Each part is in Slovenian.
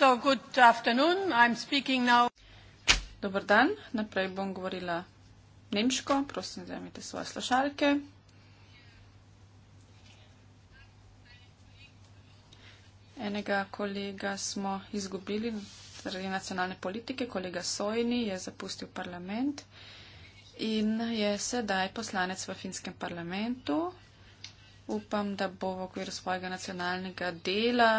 Dober dan, naprej bom govorila nemško, prosim, vzemite svoje slušalke. Enega kolega smo izgubili zaradi nacionalne politike, kolega Sojni je zapustil parlament in je sedaj poslanec v finskem parlamentu. Upam, da bo v okviru svojega nacionalnega dela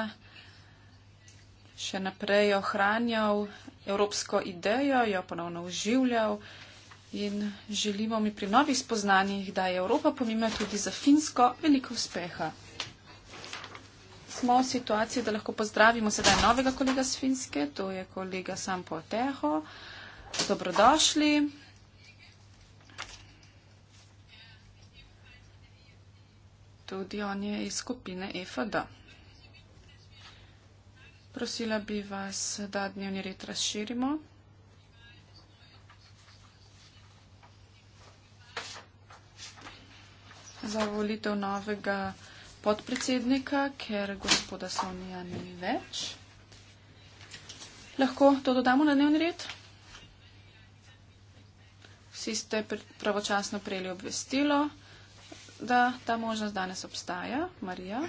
še naprej ohranjal evropsko idejo, jo ponovno uživljal in želimo mi pri novih spoznanjih, da je Evropa pomembna tudi za Finsko, veliko uspeha. Smo v situaciji, da lahko pozdravimo sedaj novega kolega z Finske, to je kolega Sampo Teho. Dobrodošli. Tudi on je iz skupine EFD. Prosila bi vas, da dnevni red razširimo. Za volitev novega podpredsednika, ker gospoda Sonija ni več. Lahko to dodamo na dnevni red? Vsi ste pravočasno prejeli obvestilo, da ta možnost danes obstaja. Marija.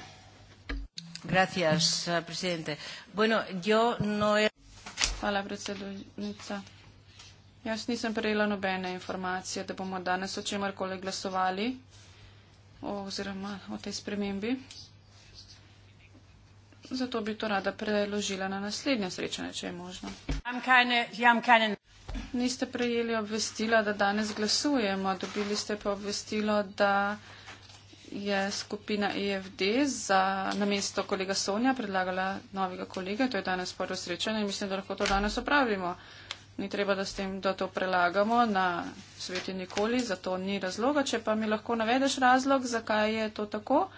Gracias, eh, presidente. Bueno, yo no he... Hvala, predsednica. Jaz nisem prejela nobene informacije, da bomo danes o čemer koli glasovali oziroma o tej spremembi. Zato bi to rada preložila na naslednje srečanje, če je možno. Niste prejeli obvestila, da danes glasujemo, dobili ste pa obvestilo, da je skupina EFD za namesto kolega Sonja predlagala novega kolega. To je danes prvo srečanje in mislim, da lahko to danes opravimo. Ni treba, da, tem, da to prelagamo na sveti nikoli, zato ni razloga. Če pa mi lahko navedeš razlog, zakaj je to tako,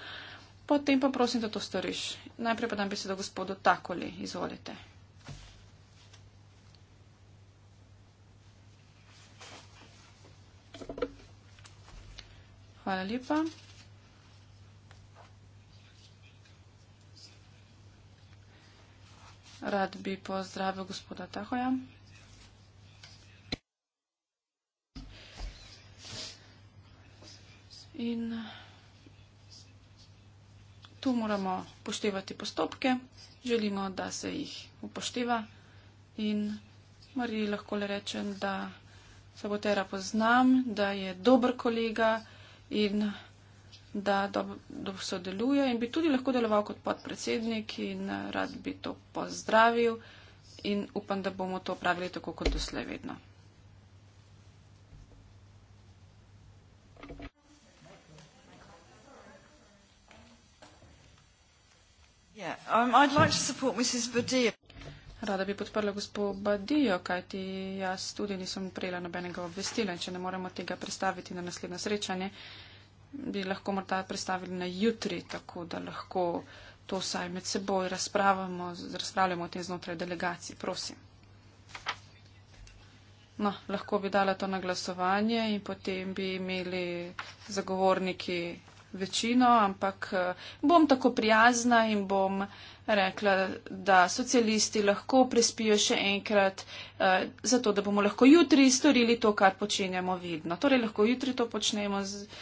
potem pa prosim, da to storiš. Najprej pa dam besedo gospodu Takoli. Izvolite. Hvala lepa. Rad bi pozdravil gospoda Tahoja. In tu moramo poštevati postopke, želimo, da se jih upošteva in Mariji lahko le rečem, da Sabotera poznam, da je dober kolega in da dobro dob sodeluje in bi tudi lahko deloval kot podpredsednik in eh, rad bi to pozdravil in upam, da bomo to pravili tako kot doslej vedno. Um, Rada bi podprla gospod Badijo, kajti jaz tudi nisem prijela nobenega obvestila, če ne moremo tega predstaviti na naslednjo srečanje. Uh, bi lahko morda predstavili na jutri, tako da lahko to vsaj med seboj razpravljamo, razpravljamo o tem znotraj delegacij. Prosim. No, lahko bi dala to na glasovanje in potem bi imeli zagovorniki večino, ampak eh, bom tako prijazna in bom rekla, da socialisti lahko prispijo še enkrat, eh, zato da bomo lahko jutri storili to, kar počenjamo vedno. Torej lahko jutri to počnemo. Z, eh,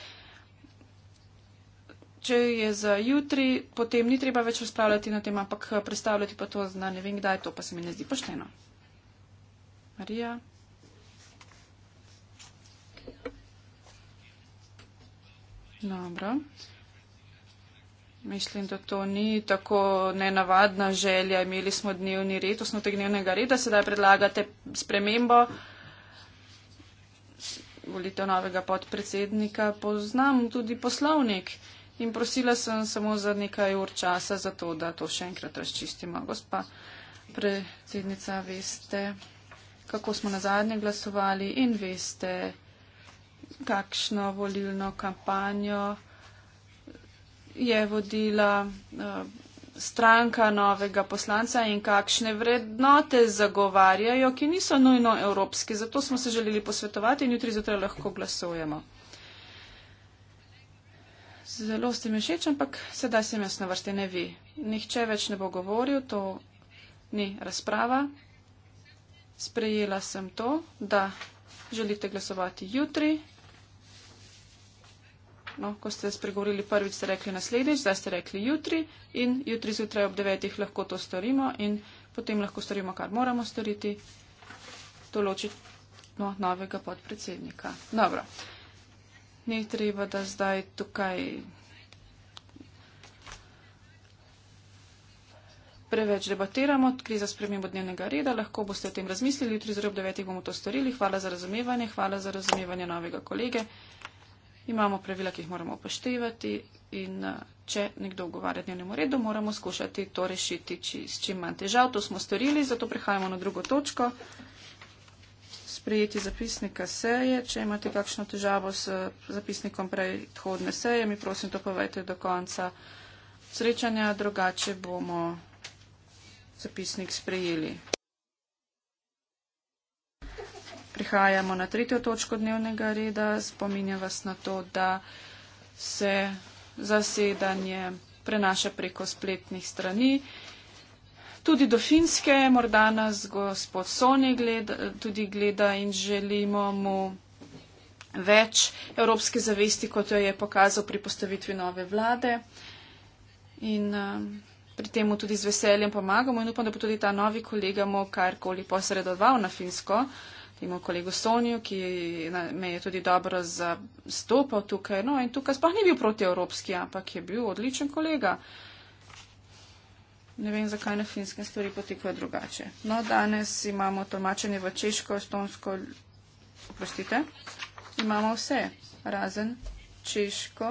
če je za jutri, potem ni treba več razpravljati na tem, ampak eh, predstavljati pa to na ne vem kdaj, to pa se mi ne zdi pošteno. Marija. Dobro. Mislim, da to ni tako nenavadna želja. Imeli smo dnevni red, osnotek dnevnega reda, sedaj predlagate spremembo. Volitev novega podpredsednika. Poznam tudi poslovnik. In prosila sem samo za nekaj ur časa, zato da to še enkrat razčistimo. Gospa predsednica, veste, kako smo na zadnje glasovali in veste, kakšno volilno kampanjo je vodila uh, stranka novega poslanca in kakšne vrednote zagovarjajo, ki niso nujno evropske. Zato smo se želeli posvetovati in jutri zjutraj lahko glasujemo. Zelo ste mi všeč, ampak sedaj sem jaz na vrsti, ne vi. Nihče več ne bo govoril, to ni razprava. Sprejela sem to, da želite glasovati jutri. No, ko ste spregovorili prvič, ste rekli naslednjič, zdaj ste rekli jutri in jutri zjutraj ob devetih lahko to storimo in potem lahko storimo, kar moramo storiti, določiti no, novega podpredsednika. Dobro ni treba, da zdaj tukaj preveč debatiramo. Gre za spremembo dnevnega reda, lahko boste o tem razmislili. Jutri zrob devetih bomo to storili. Hvala za razumevanje, hvala za razumevanje novega kolege. Imamo pravila, ki jih moramo upoštevati in eh, če nekdo ogovarja dnevnemu redu, moramo skušati to rešiti, či, s čim manj težav. To smo storili, zato prehajamo na drugo točko sprejeti zapisnika seje. Če imate kakšno težavo s zapisnikom predhodne seje, mi prosim to povejte do konca srečanja, drugače bomo zapisnik sprejeli. Prihajamo na tretjo točko dnevnega reda. Spominjam vas na to, da se zasedanje prenaša preko spletnih strani tudi do Finske, morda nas gospod Soni gleda, tudi gleda in želimo mu več evropske zavesti, kot jo je pokazal pri postavitvi nove vlade. In um, pri tem mu tudi z veseljem pomagamo in upam, da bo tudi ta novi kolega mu karkoli posredoval na Finsko, temu kolegu Soniju, ki me je tudi dobro zastopal tukaj. No in tukaj sploh ni bil protievropski, ampak je bil odličen kolega. Uh, ne vem, zakaj na finskem stvari potekajo drugače. No, danes imamo tolmačenje v češko, estonsko, oprostite, imamo vse, razen češko,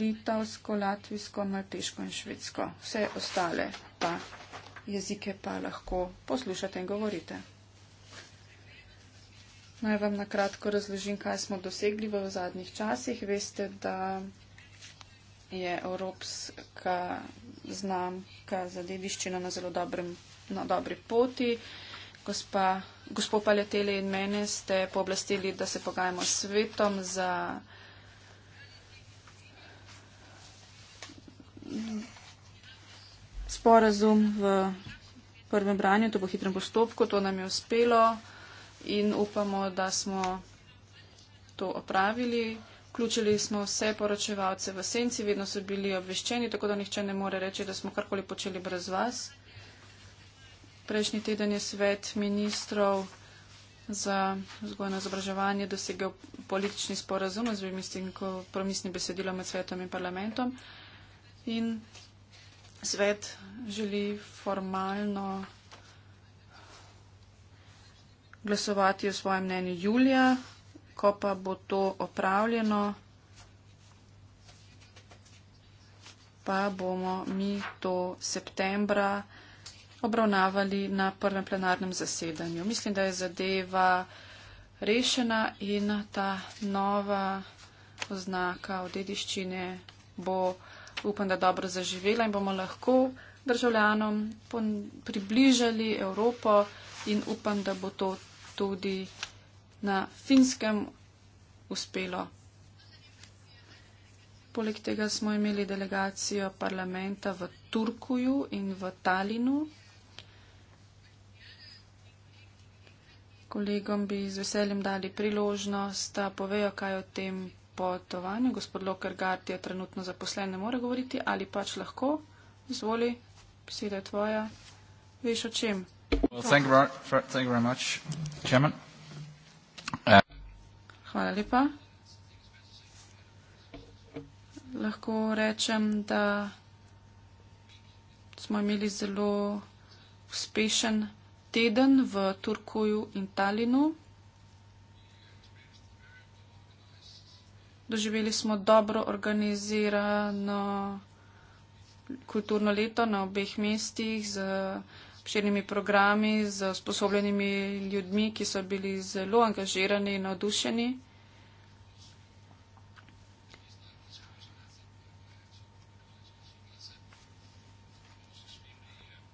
litovsko, latvijsko, malteško in švedsko. Vse ostale pa jezike pa lahko poslušate in govorite. Naj vam na kratko razložim, kaj smo dosegli v zadnjih časih. Veste, da je Evropska znamka za dediščino na zelo dobrem, na dobri poti. Gospa, gospod Paljateli in mene ste pooblastili, da se pogajamo s svetom za. Sporazum v prvem branju, to bo hitrem postopku, to nam je uspelo in upamo, da smo to opravili. Vključili smo vse poročevalce v senci, vedno so bili obveščeni, tako da nihče ne more reči, da smo karkoli počeli brez vas. Prejšnji teden je svet ministrov za vzgojno izobraževanje dosegel politični sporazum z mislim, ko promisni besedilo med svetom in parlamentom. In svet želi formalno glasovati o svojem mnenju julija ko pa bo to opravljeno, pa bomo mi to septembra obravnavali na prvem plenarnem zasedanju. Mislim, da je zadeva rešena in ta nova oznaka v dediščine bo, upam, da dobro zaživela in bomo lahko državljanom približali Evropo in upam, da bo to tudi na finskem uspelo. Poleg tega smo imeli delegacijo parlamenta v Turkuju in v Talinu. Kolegom bi z veseljem dali priložnost, da povejo, kaj o tem potovanju. Gospod Lokergard je trenutno zaposlen, ne more govoriti, ali pač lahko. Izvoli, beseda je tvoja. Veš o čem? Well, thank you very much, Chairman. Uh, Hvala lepa. Lahko rečem, da smo imeli zelo uspešen teden v Turkuju in Talinu. Doživeli smo dobro organizirano kulturno leto na obeh mestih z obširnimi programi z usposobljenimi ljudmi, ki so bili zelo angažirani in navdušeni.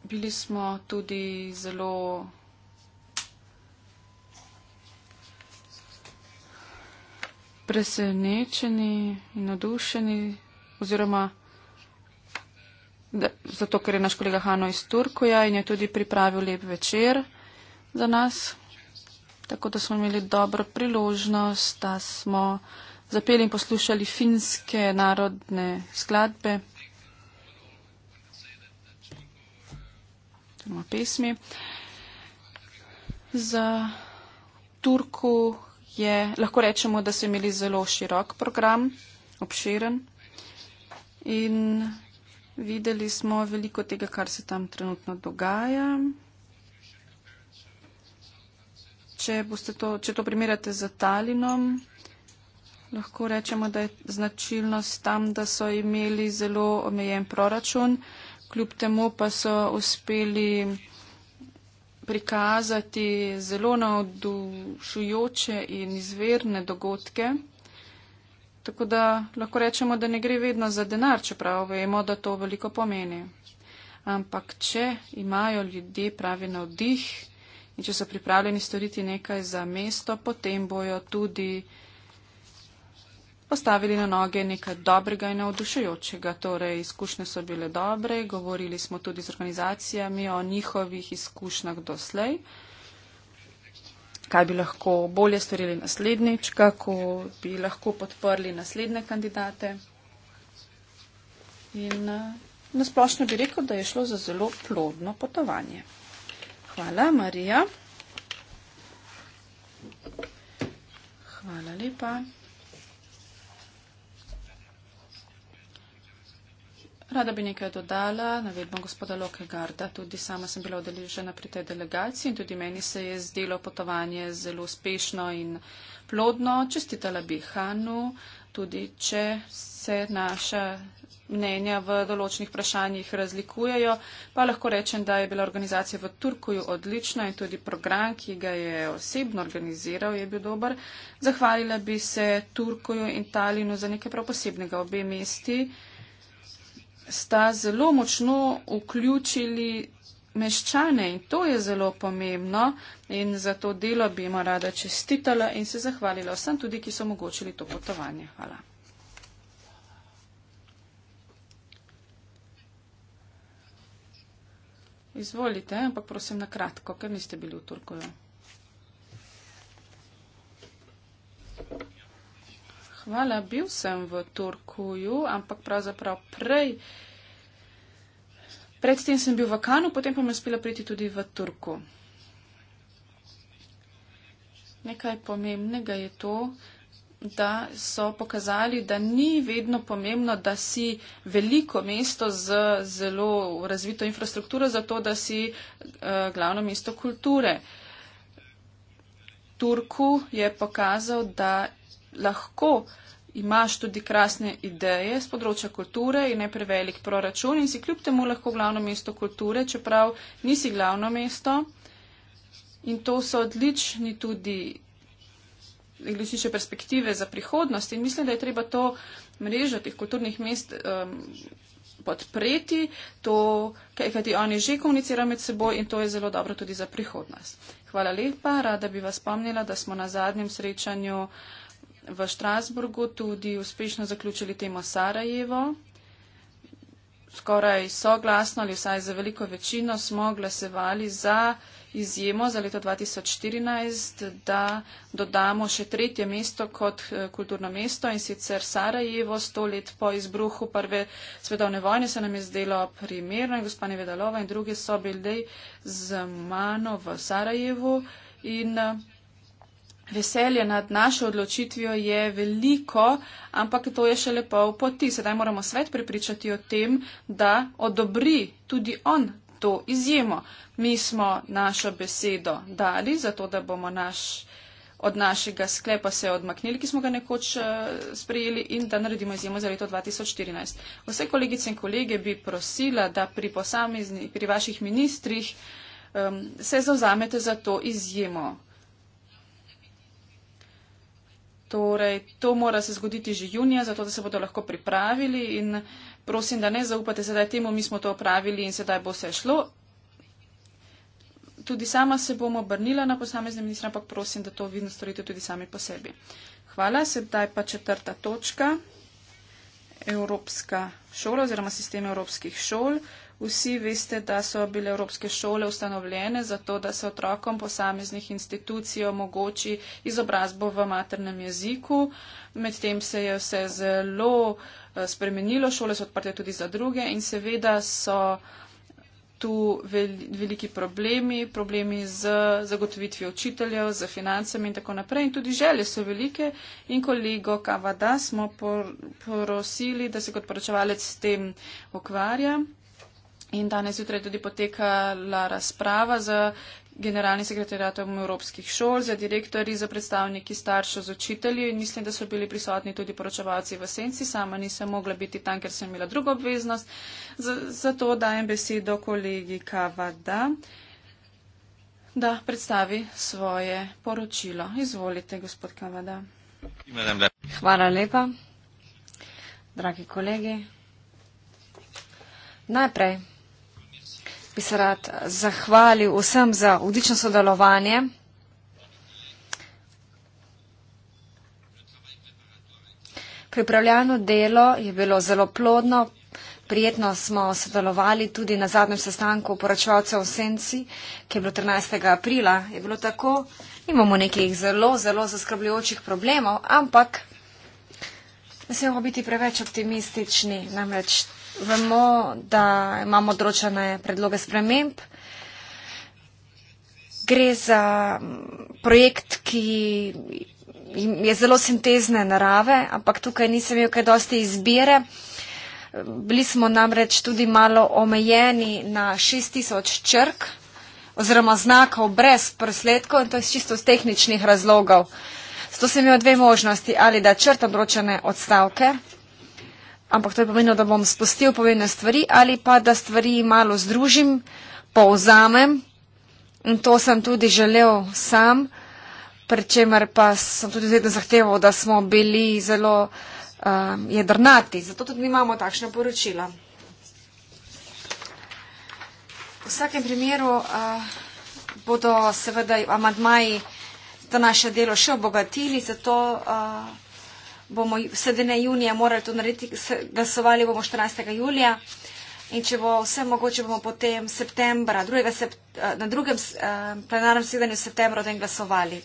Bili smo tudi zelo presenečeni in nadušeni oziroma da, zato ker je naš kolega Hano iz Turkoja in je tudi pripravil lep večer za nas. Tako da smo imeli dobro priložnost, da smo zapeli in poslušali finske narodne skladbe. Pesmi. Za Turku je, lahko rečemo, da so imeli zelo širok program, obširen. In Videli smo veliko tega, kar se tam trenutno dogaja. Če, boste to, če to primerjate z Talinom, lahko rečemo, da je značilnost tam, da so imeli zelo omejen proračun, kljub temu pa so uspeli prikazati zelo navdušujoče in izverne dogodke. Tako da lahko rečemo, da ne gre vedno za denar, čeprav vemo, da to veliko pomeni. Ampak če imajo ljudje pravi navdih in če so pripravljeni storiti nekaj za mesto, potem bojo tudi postavili na noge nekaj dobrega in navdušujočega. Torej, izkušnje so bile dobre, govorili smo tudi z organizacijami o njihovih izkušnjah doslej kaj bi lahko bolje storili naslednjič, kako bi lahko podprli naslednje kandidate. In eh, na splošno bi rekel, da je šlo za zelo plodno potovanje. Hvala, Marija. Hvala lepa. Rada bi nekaj dodala, navedbam gospoda Loke Garda, tudi sama sem bila odeležena pri tej delegaciji in tudi meni se je zdelo potovanje zelo uspešno in plodno. Čestitala bi Hanu, tudi če se naša mnenja v določenih vprašanjih razlikujejo, pa lahko rečem, da je bila organizacija v Turkuju odlična in tudi program, ki ga je osebno organiziral, je bil dober. Zahvalila bi se Turkuju in Talinu za nekaj prav posebnega obe mesti sta zelo močno vključili meščane in to je zelo pomembno in za to delo bi jim rada čestitala in se zahvalila vsem tudi, ki so omogočili to potovanje. Hvala. Izvolite, ampak prosim na kratko, ker niste bili v Turkoju. hvala, bil sem v Turkuju, ampak pravzaprav prej. Predtem sem bil v Kanu, potem pa me uspela priti tudi v Turku. Nekaj pomembnega je to, da so pokazali, da ni vedno pomembno, da si veliko mesto z zelo razvito infrastrukturo, zato da si uh, glavno mesto kulture. Turku je pokazal, da lahko imaš tudi krasne ideje z področja kulture in ne prevelik proračun in si kljub temu lahko glavno mesto kulture, čeprav nisi glavno mesto. In to so odlični tudi različne perspektive za prihodnost in mislim, da je treba to mrežo teh kulturnih mest um, podpreti, to, kajti oni že komunicirajo med seboj in to je zelo dobro tudi za prihodnost. Hvala lepa, rada bi vas spomnila, da smo na zadnjem srečanju uh, v Štrasburgu tudi uspešno zaključili temo Sarajevo. Skoraj soglasno ali vsaj za veliko večino smo glasevali za izjemo za leto 2014, da dodamo še tretje mesto kot eh, kulturno mesto in sicer Sarajevo, sto let po izbruhu prve svetovne vojne se nam je zdelo primerno in gospa Nevedalova in drugi so bili z mano v Sarajevu in eh, veselje nad našo odločitvijo je veliko, ampak to je šele pol poti. Sedaj moramo svet prepričati o tem, da odobri tudi on to izjemo. Mi smo našo besedo dali, zato da bomo naš, od našega sklepa se odmaknili, ki smo ga nekoč eh, sprejeli in da naredimo izjemo za leto 2014. Vse kolegice in kolege bi prosila, da pri posamezni, pri vaših ministrih um, se zauzamete za to izjemo. Torej, to mora se zgoditi že junija, zato da se bodo lahko pripravili in prosim, da ne zaupate sedaj temu, mi smo to opravili in sedaj bo vse šlo. Tudi sama se bom obrnila na posamezne ministre, ampak prosim, da to vidno storite tudi sami po sebi. Hvala, sedaj pa četrta točka. Evropska šola oziroma sistem evropskih šol. Vsi veste, da so bile evropske šole ustanovljene zato, da se otrokom posameznih institucij omogoči izobrazbo v maternem jeziku. Medtem se je vse zelo eh, spremenilo, šole so odprte tudi za druge in seveda so tu veliki problemi, problemi z zagotovitvijo učiteljev, z financami in tako naprej. In tudi želje so velike in kolego Kavada smo prosili, da se kot poročevalec s tem ukvarja. In danes jutraj je tudi potekala razprava z generalnim sekretarjatom evropskih šol, z direktori, z predstavniki staršev, z učitelji. Mislim, da so bili prisotni tudi poročevalci v senci. Sama nisem mogla biti tam, ker sem imela drugo obveznost. Z zato dajem besedo kolegi Kavada, da predstavi svoje poročilo. Izvolite, gospod Kavada. Hvala lepa, dragi kolegi. Najprej bi se rad zahvalil vsem za odlično sodelovanje. Pripravljeno delo je bilo zelo plodno, prijetno smo sodelovali tudi na zadnjem sestanku poročevalcev v Senci, ki je bilo 13. aprila. Je bilo tako, imamo nekih zelo, zelo zaskrbljujočih problemov, ampak ne smemo biti preveč optimistični, namreč vemo, da imamo odročene predloge sprememb. Gre za projekt, ki je zelo sintezne narave, ampak tukaj nisem imel kaj dosti izbire. Bili smo namreč tudi malo omejeni na 6000 črk oziroma znakov brez presledkov in to je čisto z tehničnih razlogov. Zato sem imel dve možnosti, ali da črtam ročene odstavke ampak to je pomenilo, da bom spustil povedne stvari ali pa da stvari malo združim, povzamem in to sem tudi želel sam, pri čemer pa sem tudi vedno zahteval, da smo bili zelo um, jedrnati. Zato tudi mi imamo takšne poročila. V vsakem primeru uh, bodo seveda amadmaji to naše delo še obogatili, zato. Uh, bomo sredine junija morali to narediti, glasovali bomo 14. julija in če bo vse mogoče, bomo potem septembra, eh, na drugem eh, plenarnem sredenju septembra o tem glasovali.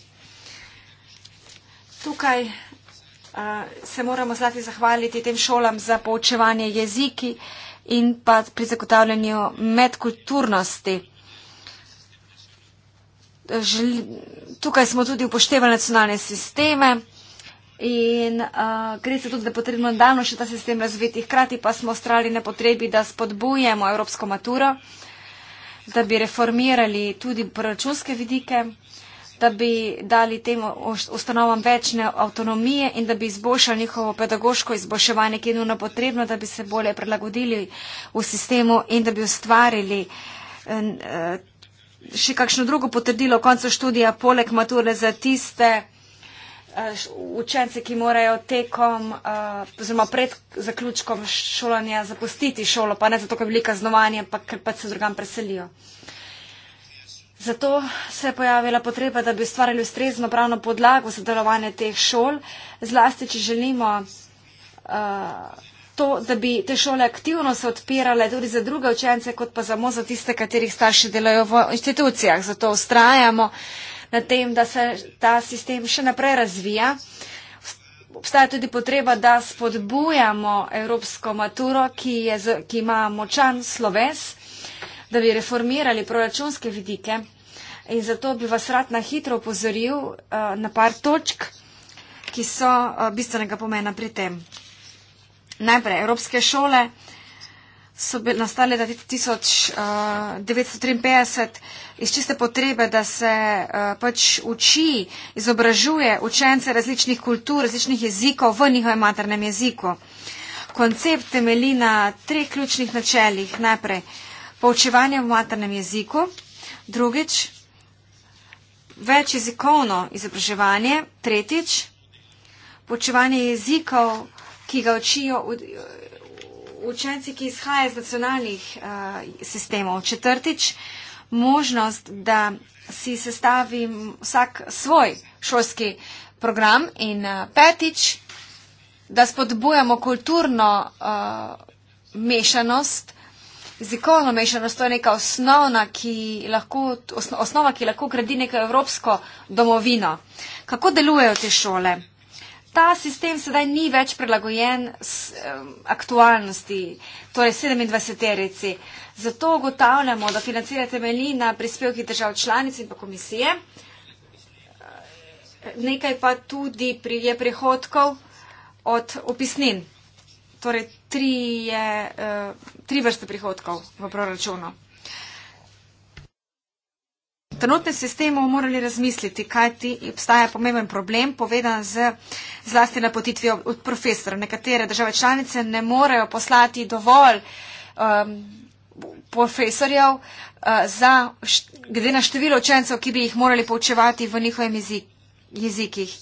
Tukaj eh, se moramo zlati zahvaliti tem šolam za poučevanje jeziki in pa pri zagotavljanju medkulturnosti. Tukaj smo tudi upoštevali nacionalne sisteme. In uh, gre se tudi, da je potrebno nadaljno še ta sistem razviti. Hkrati pa smo ostali na potrebi, da spodbujemo evropsko maturo, da bi reformirali tudi proračunske vidike, da bi dali tem ustanovam večne avtonomije in da bi izboljšali njihovo pedagoško izboljševanje, ki je nujno potrebno, da bi se bolje prilagodili v sistemu in da bi ustvarili. Uh, še kakšno drugo potrdilo koncu študija poleg mature za tiste, Eh, učence, ki morajo tekom eh, oziroma pred zaključkom šolanja zapustiti šolo, pa ne zato, ker bi bili kaznovani, ampak ker pa se drugam preselijo. Zato se je pojavila potreba, da bi ustvarjali ustrezno pravno podlago za delovanje teh šol, zlasti, če želimo eh, to, da bi te šole aktivno se odpirale tudi za druge učence, kot pa samo za tiste, katerih starši delajo v institucijah. Zato ustrajamo na tem, da se ta sistem še naprej razvija. Obstaja tudi potreba, da spodbujamo evropsko maturo, ki, je, ki ima močan sloves, da bi reformirali proračunske vidike. In zato bi vas rad na hitro upozoril eh, na par točk, ki so eh, bistvenega pomena pri tem. Najprej, evropske šole uh, so bile nastale 1953 uh, iz čiste potrebe, da se uh, pač uči, izobražuje učence različnih kultur, različnih jezikov v njihovem maternem jeziku. Koncept temelji na treh ključnih načeljih. Najprej poučevanje v maternem jeziku, drugič več jezikovno izobraževanje, tretjič poučevanje jezikov, ki ga učijo učenci, ki izhajajo iz nacionalnih uh, sistemov. Četrtič, možnost, da si sestavim vsak svoj šolski program. In uh, petič, da spodbujamo kulturno uh, mešanost, jezikovno mešanost. To je neka osnovna, ki lahko, osno, osnova, ki lahko gradi neko evropsko domovino. Kako delujejo te šole? ta sistem sedaj ni več prilagojen s, um, aktualnosti, torej 27-terici. Zato ugotavljamo, da financiranje temelji na prispevkih držav članic in pa komisije. Nekaj pa tudi pri, je prihodkov od opisnin, torej tri, je, uh, tri vrste prihodkov v proračunu trenutnem sistemu morali razmisliti, kaj ti obstaja pomemben problem, povedan z zlasti napotitvijo od profesorov. Nekatere države članice ne morejo poslati dovolj um, profesorjev uh, za, glede na število učencev, ki bi jih morali poučevati v njihovem jezik, jezikih.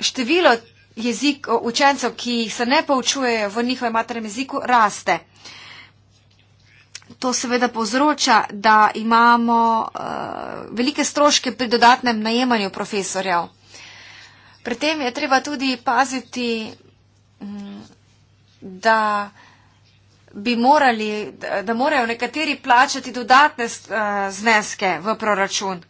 Število jezik, uh, učencev, ki jih se ne poučuje v njihovem maternem jeziku, raste. Uh, to seveda povzroča, da imamo uh, velike stroške pri dodatnem najemanju profesorjev. Pri tem je treba tudi paziti, mm, da bi morali, da morajo nekateri plačati dodatne eh, zneske v proračun.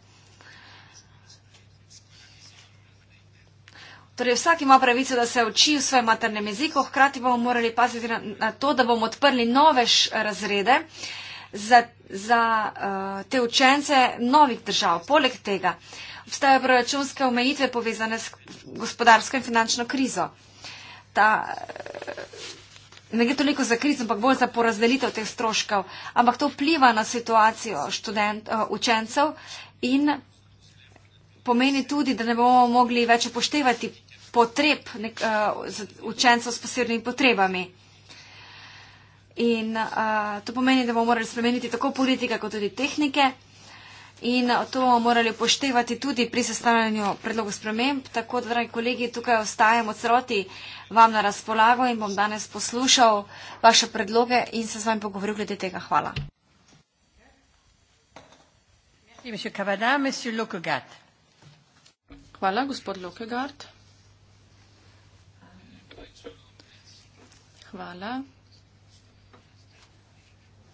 Torej, vsak ima pravico, da se uči v svojem maternem jeziku, hkrati bomo morali paziti na to, da bomo odprli nove razrede. Uh, za, za uh, te učence novih držav. Poleg tega obstajajo proračunske omejitve povezane s gospodarsko in finančno krizo. Ta, eh, ne gre toliko za krizo, ampak bolj za porazdelitev teh stroškov. Ampak to vpliva na situacijo študent, uh, učencev in pomeni tudi, da ne bomo mogli več upoštevati potreb nek, uh, učencev s posebnimi potrebami. In uh, to pomeni, da bomo morali spremeniti tako politike, kot tudi tehnike. In to bomo morali poštevati tudi pri sestavljanju predlogu sprememb. Tako da, dragi kolegi, tukaj ostajamo celoti vam na razpolago in bom danes poslušal vaše predloge in se z vami pogovoril glede tega. Hvala. Hvala, gospod Lokegard. Hvala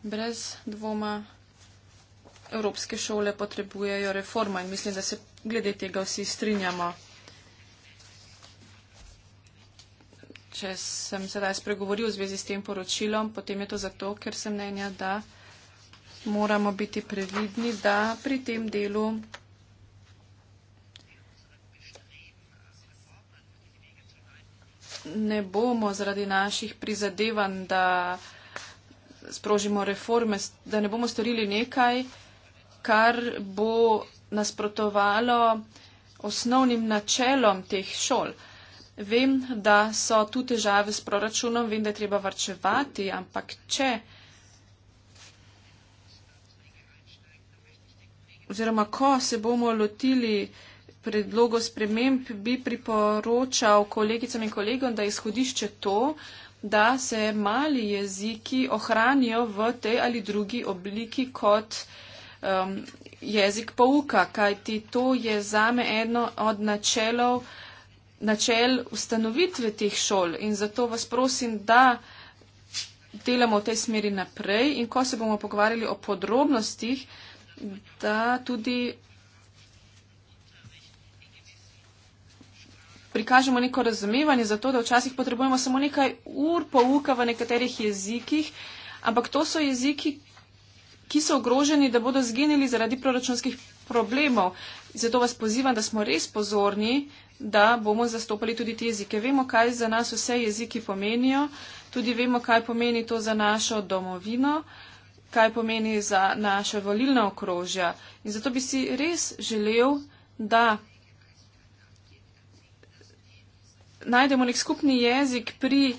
brez dvoma evropske šole potrebujejo reforma in mislim, da se glede tega vsi strinjamo. Če sem sedaj spregovoril v zvezi s tem poročilom, potem je to zato, ker sem mnenja, da moramo biti previdni, da pri tem delu ne bomo zaradi naših prizadevanj, da sprožimo reforme, da ne bomo storili nekaj, kar bo nasprotovalo osnovnim načelom teh šol. Vem, da so tu težave s proračunom, vem, da je treba varčevati, ampak če. Oziroma, ko se bomo lotili predlogov sprememb, bi priporočal kolegicam in kolegom, da je izhodišče to, da se mali jeziki ohranijo v tej ali drugi obliki kot um, jezik pouka, kajti to je zame eno od načelov, načel ustanovitve teh šol in zato vas prosim, da delamo v tej smeri naprej in ko se bomo pogovarjali o podrobnostih, da tudi prikažemo neko razumevanje za to, da včasih potrebujemo samo nekaj ur pouka v nekaterih jezikih, ampak to so jeziki, ki so ogroženi, da bodo zginili zaradi proračunskih problemov. Zato vas pozivam, da smo res pozorni, da bomo zastopali tudi te jezike. Vemo, kaj za nas vse jeziki pomenijo, tudi vemo, kaj pomeni to za našo domovino, kaj pomeni za naše volilna okrožja. In zato bi si res želel, da najdemo nek skupni jezik pri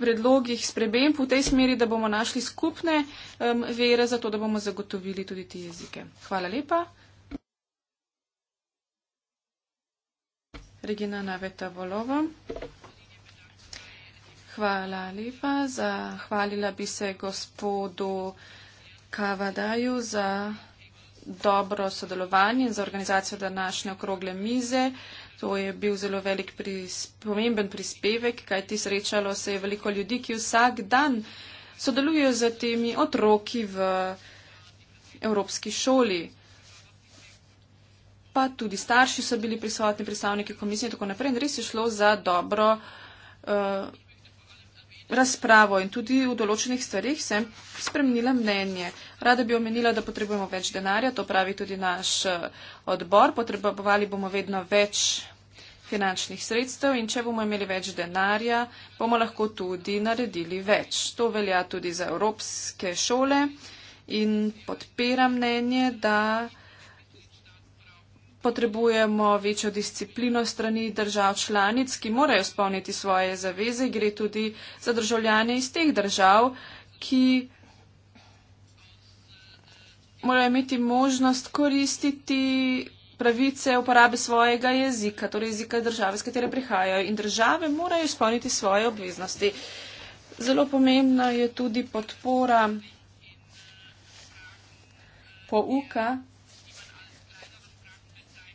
predlogih sprememb v tej smeri, da bomo našli skupne um, vere za to, da bomo zagotovili tudi te jezike. Hvala lepa. Regina Naveta Volova. Hvala lepa. Zahvalila bi se gospodu Kavadaju za dobro sodelovanje in za organizacijo današnje okrogle mize. To je bil zelo velik pris, pomemben prispevek, kaj ti srečalo se je veliko ljudi, ki vsak dan sodelujejo z temi otroki v Evropski šoli. Pa tudi starši so bili prisotni, predstavniki komisije in tako naprej. In res je šlo za dobro uh, razpravo in tudi v določenih stvarih sem spremenila mnenje. Rada bi omenila, da potrebujemo več denarja, to pravi tudi naš uh, odbor. Potrebovali bomo vedno več finančnih sredstev in če bomo imeli več denarja, bomo lahko tudi naredili več. To velja tudi za evropske šole in podpira mnenje, da potrebujemo večjo disciplino strani držav članic, ki morajo spolniti svoje zaveze. Gre tudi za državljane iz teh držav, ki morajo imeti možnost koristiti pravice uporabe svojega jezika, torej jezika države, iz katere prihajajo. In države morajo izpolniti svoje obveznosti. Zelo pomembna je tudi podpora pouka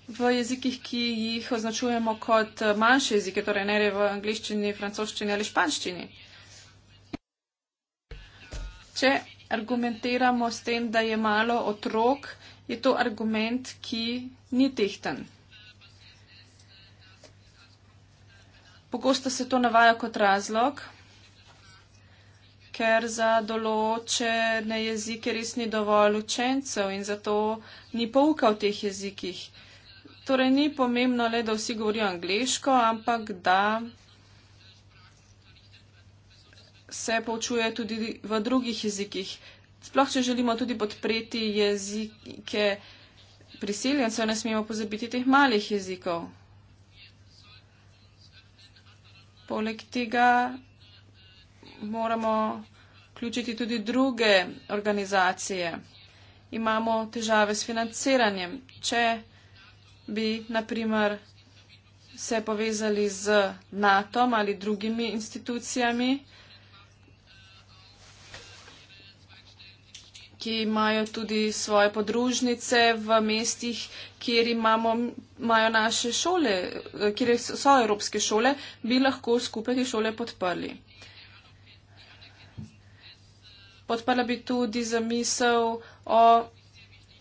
v jezikih, ki jih označujemo kot manjše jezike, torej ne re v angliščini, francoščini ali španščini. Če argumentiramo s tem, da je malo otrok je to argument, ki ni tehten. Pogosto se to navaja kot razlog, ker za določene jezike res ni dovolj učencev in zato ni pouka v teh jezikih. Torej ni pomembno le, da vsi govorijo angliško, ampak da se poučuje tudi v drugih jezikih sploh če želimo tudi podpreti jezike priseljencev, ne smemo pozabiti teh malih jezikov. Poleg tega moramo vključiti tudi druge organizacije. Imamo težave s financiranjem. Če bi, naprimer, se povezali z NATO ali drugimi institucijami, ki imajo tudi svoje podružnice v mestih, kjer imamo, imajo naše šole, eh, kjer so evropske šole, bi lahko skupaj te šole podprli. Podprla bi tudi zamisel o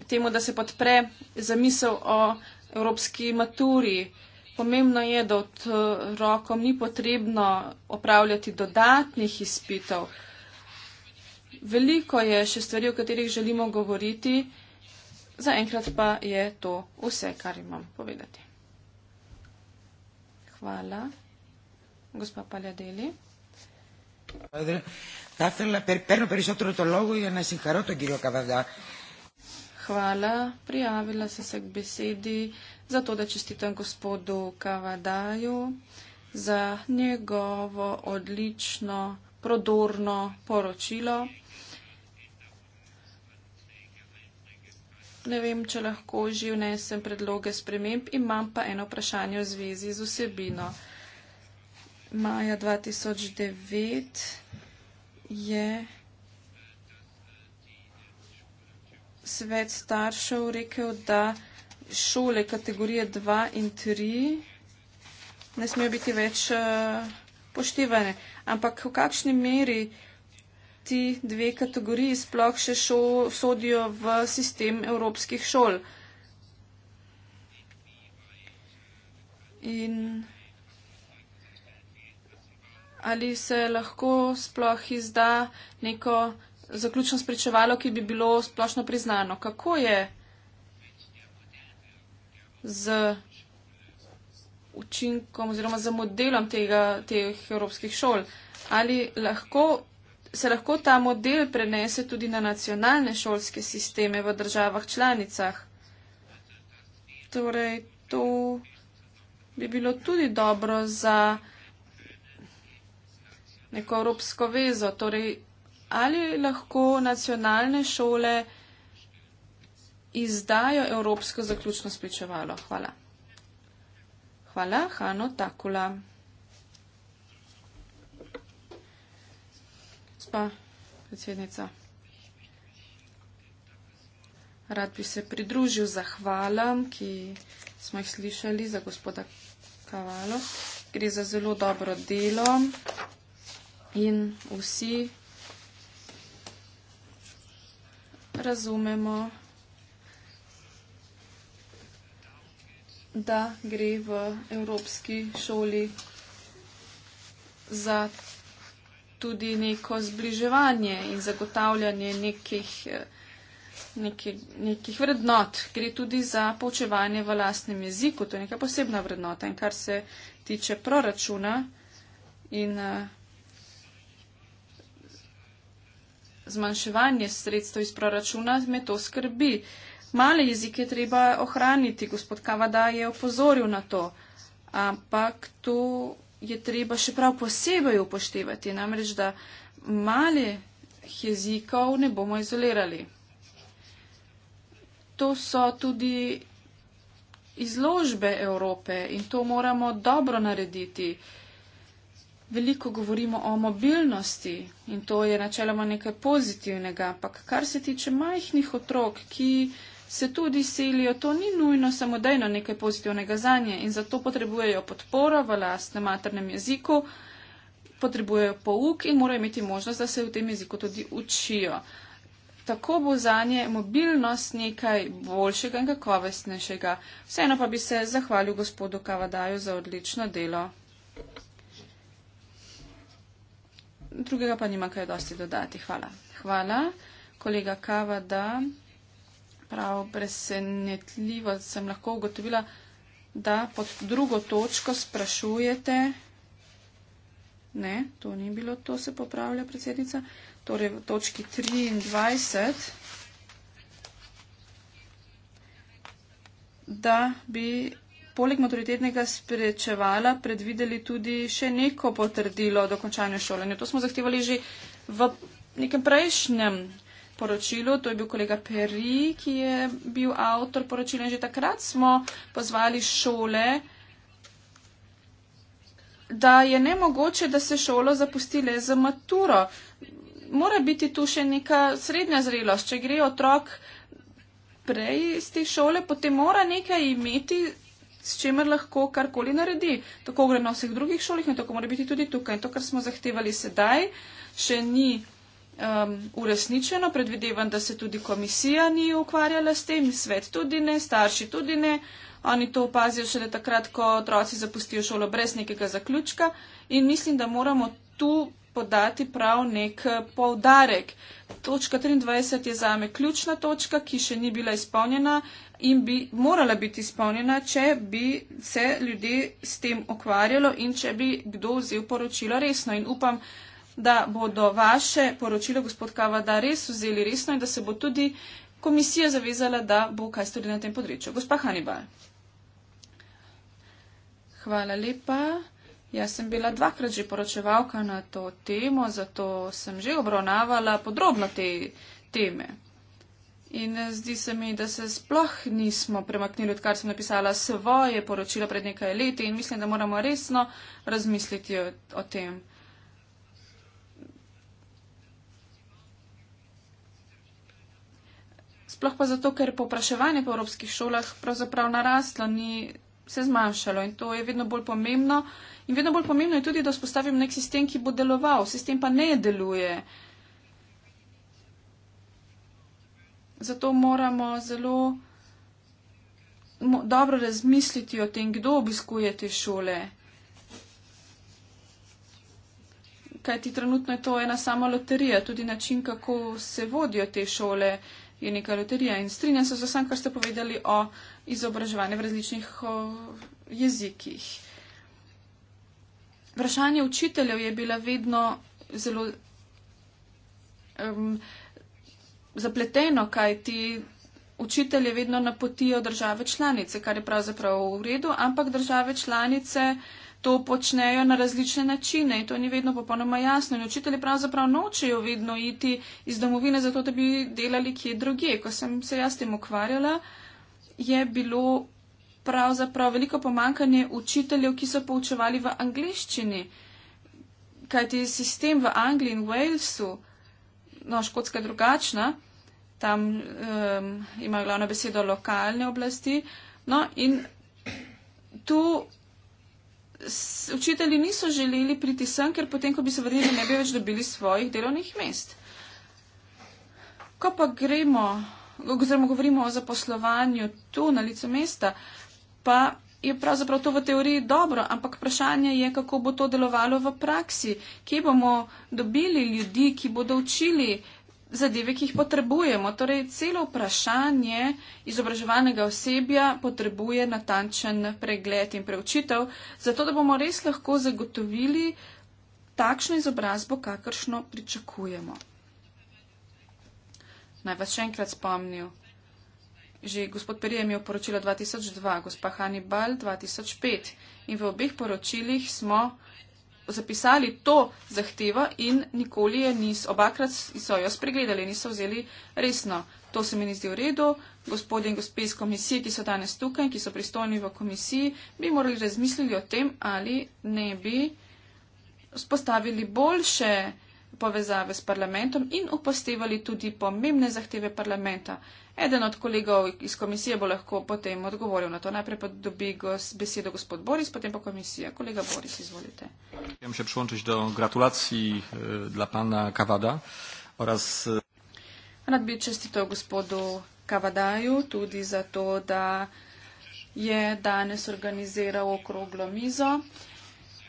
temu, da se podpre zamisel o evropski maturi. Pomembno je, da otrokom eh, ni potrebno opravljati dodatnih izpitev, veliko je še stvari, o katerih želimo govoriti. Zaenkrat pa je to vse, kar imam povedati. Hvala. Gospa Paljadeli. Hvala. Prijavila sem se k besedi za to, da čestitam gospodu Kavadaju za njegovo odlično, prodorno poročilo. Ne vem, če lahko že vnesem predloge sprememb, imam pa eno vprašanje v zvezi z vsebino. Maja 2009 je svet staršev rekel, da šole kategorije 2 in 3 ne smejo biti več uh, eh, poštevane. Ampak v kakšni meri uh, ti dve kategoriji sploh še šo, sodijo v sistem evropskih šol. In ali se lahko sploh izda neko zaključno spričevalo, ki bi bilo splošno priznano? Kako je z učinkom oziroma z modelom tega, teh evropskih šol? Ali lahko se lahko ta model prenese tudi na nacionalne šolske sisteme v državah članicah. Torej, to bi bilo tudi dobro za neko evropsko vezo. Torej, ali lahko nacionalne šole izdajo evropsko zaključno spričevalo? Hvala. Hvala, Hano Takula. gospa predsednica. Rad bi se pridružil zahvalam, ki smo jih slišali za gospoda Kavalo. Gre za zelo dobro delo in vsi razumemo, da gre v evropski šoli za tudi neko zbliževanje in zagotavljanje nekih, eh, nekih, nekih vrednot. Gre tudi za poučevanje v lastnem jeziku, to je neka posebna vrednota. In kar se tiče proračuna in eh, zmanjševanje sredstev iz proračuna, me to skrbi. Male jezike treba ohraniti, gospod Kavada je opozoril na to, ampak tu. To je treba še prav posebej upoštevati, namreč da malih jezikov ne bomo izolirali. To so tudi izložbe Evrope in to moramo dobro narediti. Veliko govorimo o mobilnosti in to je načeloma nekaj pozitivnega, ampak kar se tiče majhnih otrok, ki se tudi silijo, to ni nujno samodejno nekaj pozitivnega zanje in zato potrebujejo podporo v lastnem maternem jeziku, potrebujejo pouk in morajo imeti možnost, da se v tem jeziku tudi učijo. Tako bo zanje mobilnost nekaj boljšega in kakovestnejšega. Vseeno pa bi se zahvalil gospodu Kavadaju za odlično delo. Drugega pa nima kaj dosti dodati. Hvala. Hvala, kolega Kavada prav presenetljivo sem lahko ugotovila, da pod drugo točko sprašujete. Ne, to ni bilo, to se popravlja predsednica. Torej, v točki 23, da bi poleg motoritetnega sprečevala predvideli tudi še neko potrdilo o dokončanju šolanja. To smo zahtevali že v nekem prejšnjem poročilu. To je bil kolega Peri, ki je bil avtor poročila in že takrat smo pozvali šole, da je ne mogoče, da se šolo zapusti le za maturo. Mora biti tu še neka srednja zrelost. Če gre otrok prej iz te šole, potem mora nekaj imeti, s čemer lahko karkoli naredi. Tako gre na vseh drugih šolih in tako mora biti tudi tukaj. In to, kar smo zahtevali sedaj, še ni um, uresničeno. Predvidevam, da se tudi komisija ni ukvarjala s tem, svet tudi ne, starši tudi ne. Oni to opazijo šele takrat, ko otroci zapustijo šolo brez nekega zaključka in mislim, da moramo tu podati prav nek eh, povdarek. Točka 23 je zame ključna točka, ki še ni bila izpolnjena in bi morala biti izpolnjena, če bi se ljudje s tem okvarjalo in če bi kdo vzel poročilo resno. In upam, da bodo vaše poročilo, gospod Kavada, res vzeli resno in da se bo tudi komisija zavezala, da bo kaj storila na tem področju. Gospa Hannibal. Hvala lepa. Jaz sem bila dvakrat že poročevalka na to temo, zato sem že obravnavala podrobno te teme. In eh, zdi se mi, da se sploh nismo premaknili, odkar sem napisala svoje poročilo pred nekaj leti in mislim, da moramo resno razmisliti o, o tem. sploh pa zato, ker popraševanje po evropskih šolah pravzaprav naraslo, ni se zmanjšalo in to je vedno bolj pomembno. In vedno bolj pomembno je tudi, da vzpostavim nek sistem, ki bo deloval. Sistem pa ne deluje. Zato moramo zelo dobro razmisliti o tem, kdo obiskuje te šole. Kaj ti trenutno je to ena sama loterija, tudi način, kako se vodijo te šole je neka loterija. In strinjam se z vsem, kar ste povedali o izobraževanju v različnih o, jezikih. Vprašanje učiteljev je bila vedno zelo um, zapleteno, kaj ti učitelje vedno napotijo države članice, kar je pravzaprav v redu, ampak države članice to počnejo na različne načine. To ni vedno popolnoma jasno. In učitelji pravzaprav nočejo vedno iti iz domovine, zato da bi delali kje druge. Ko sem se jaz tem ukvarjala, je bilo pravzaprav veliko pomankanje učiteljev, ki so poučevali v angliščini. Kajti sistem v Angliji in Walesu, no, škotska je drugačna, tam um, ima glavno besedo lokalne oblasti. No, in tu učitelji niso želeli priti sem, ker potem, ko bi se vrnili, ne bi več dobili svojih delovnih mest. Ko pa gremo, oziroma govorimo o zaposlovanju tu na licu mesta, pa je pravzaprav to v teoriji dobro, ampak vprašanje je, kako bo to delovalo v praksi, kje bomo dobili ljudi, ki bodo učili zadeve, ki jih potrebujemo. Torej, celo vprašanje izobraževanega osebja potrebuje natančen pregled in preučitev, zato da bomo res lahko zagotovili takšno izobrazbo, kakršno pričakujemo. Naj vas še enkrat spomnil. Že gospod Perije mi je v poročilo 2002, gospa Hannibal 2005 in v obeh poročilih smo zapisali to zahtevo in nikoli je niso, obakrat so jo spregledali, niso vzeli resno. To se mi ni zdi v redu. Gospodje in gospe iz komisije, ki so danes tukaj, ki so pristojni v komisiji, bi morali razmisliti o tem, ali ne bi spostavili boljše povezave s parlamentom in upostevali tudi pomembne zahteve parlamenta. Eden od kolegov iz komisije bo lahko potem odgovoril na to. Najprej pa dobi gos, besedo gospod Boris, potem pa komisija. Kolega Boris, izvolite. Želim se pridružiti do gratulacij za e, eh, pana Kavada. Oraz, eh... Rad bi čestito gospodu Kavadaju tudi za to, da je danes organiziral okroglo mizo.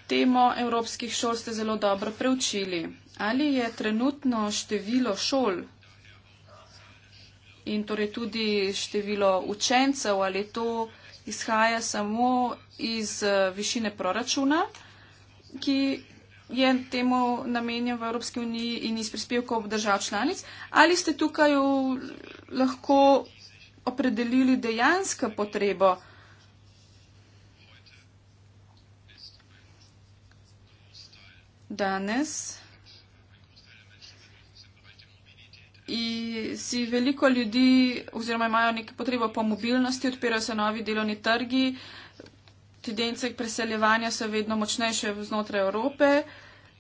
Temo evropskih šol ste zelo dobro preučili. Ali je trenutno število šol in torej tudi število učencev, ali to izhaja samo iz eh, višine proračuna, ki je temu namenjen v Evropski uniji in iz prispevkov držav članic, ali ste tukaj lahko opredelili dejansko potrebo. Danes. in si veliko ljudi oziroma imajo neke potrebo po mobilnosti, odpirajo se novi delovni trgi, tendence preseljevanja so vedno močnejše znotraj Evrope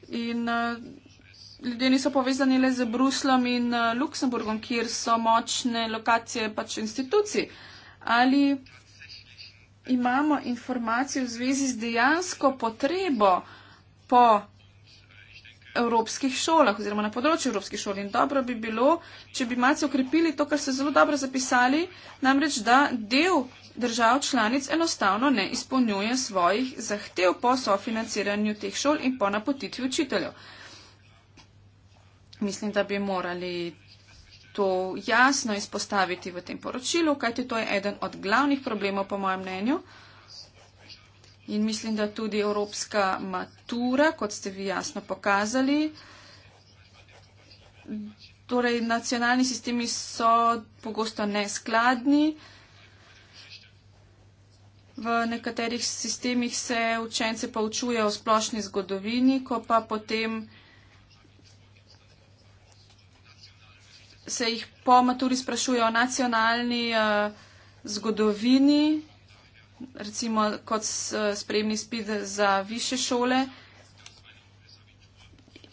in eh, ljudje niso povezani le z Bruslom in eh, Luksemburgom, kjer so močne lokacije pač institucij. Ali imamo informacije v zvezi z dejansko potrebo po evropskih šolah oziroma na področju evropskih šol. In dobro bi bilo, če bi malce okrepili to, kar ste zelo dobro zapisali, namreč, da del držav članic enostavno ne izpolnjuje svojih zahtev po sofinanciranju teh šol in po napotitvi učiteljev. Mislim, da bi morali to jasno izpostaviti v tem poročilu, kajti to je eden od glavnih problemov, po mojem mnenju. In mislim, da tudi evropska matura, kot ste vi jasno pokazali. Torej, nacionalni sistemi so pogosto neskladni. V nekaterih sistemih se učence poučuje o splošni zgodovini, ko pa potem se jih po maturi sprašuje o nacionalni uh, zgodovini recimo kot spremni spid za više šole,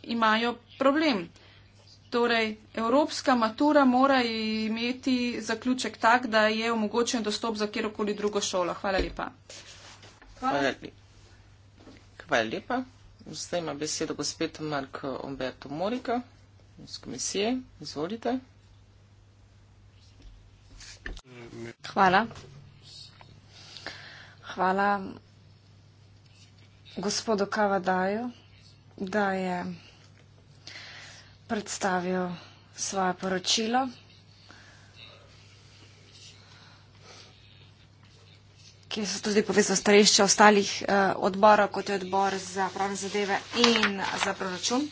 imajo problem. Torej, evropska matura mora imeti zaključek tak, da je omogočen dostop za kjerokoli drugo šolo. Hvala lepa. Hvala, Hvala lepa. Zdaj ima besedo gospod Mark Umberto Morika iz komisije. Izvolite. Hvala. Hvala gospodu Kavadaju, da je predstavil svoje poročilo. ki so tudi povezali starišče ostalih eh, odborov, kot je odbor za pravne zadeve in za proračun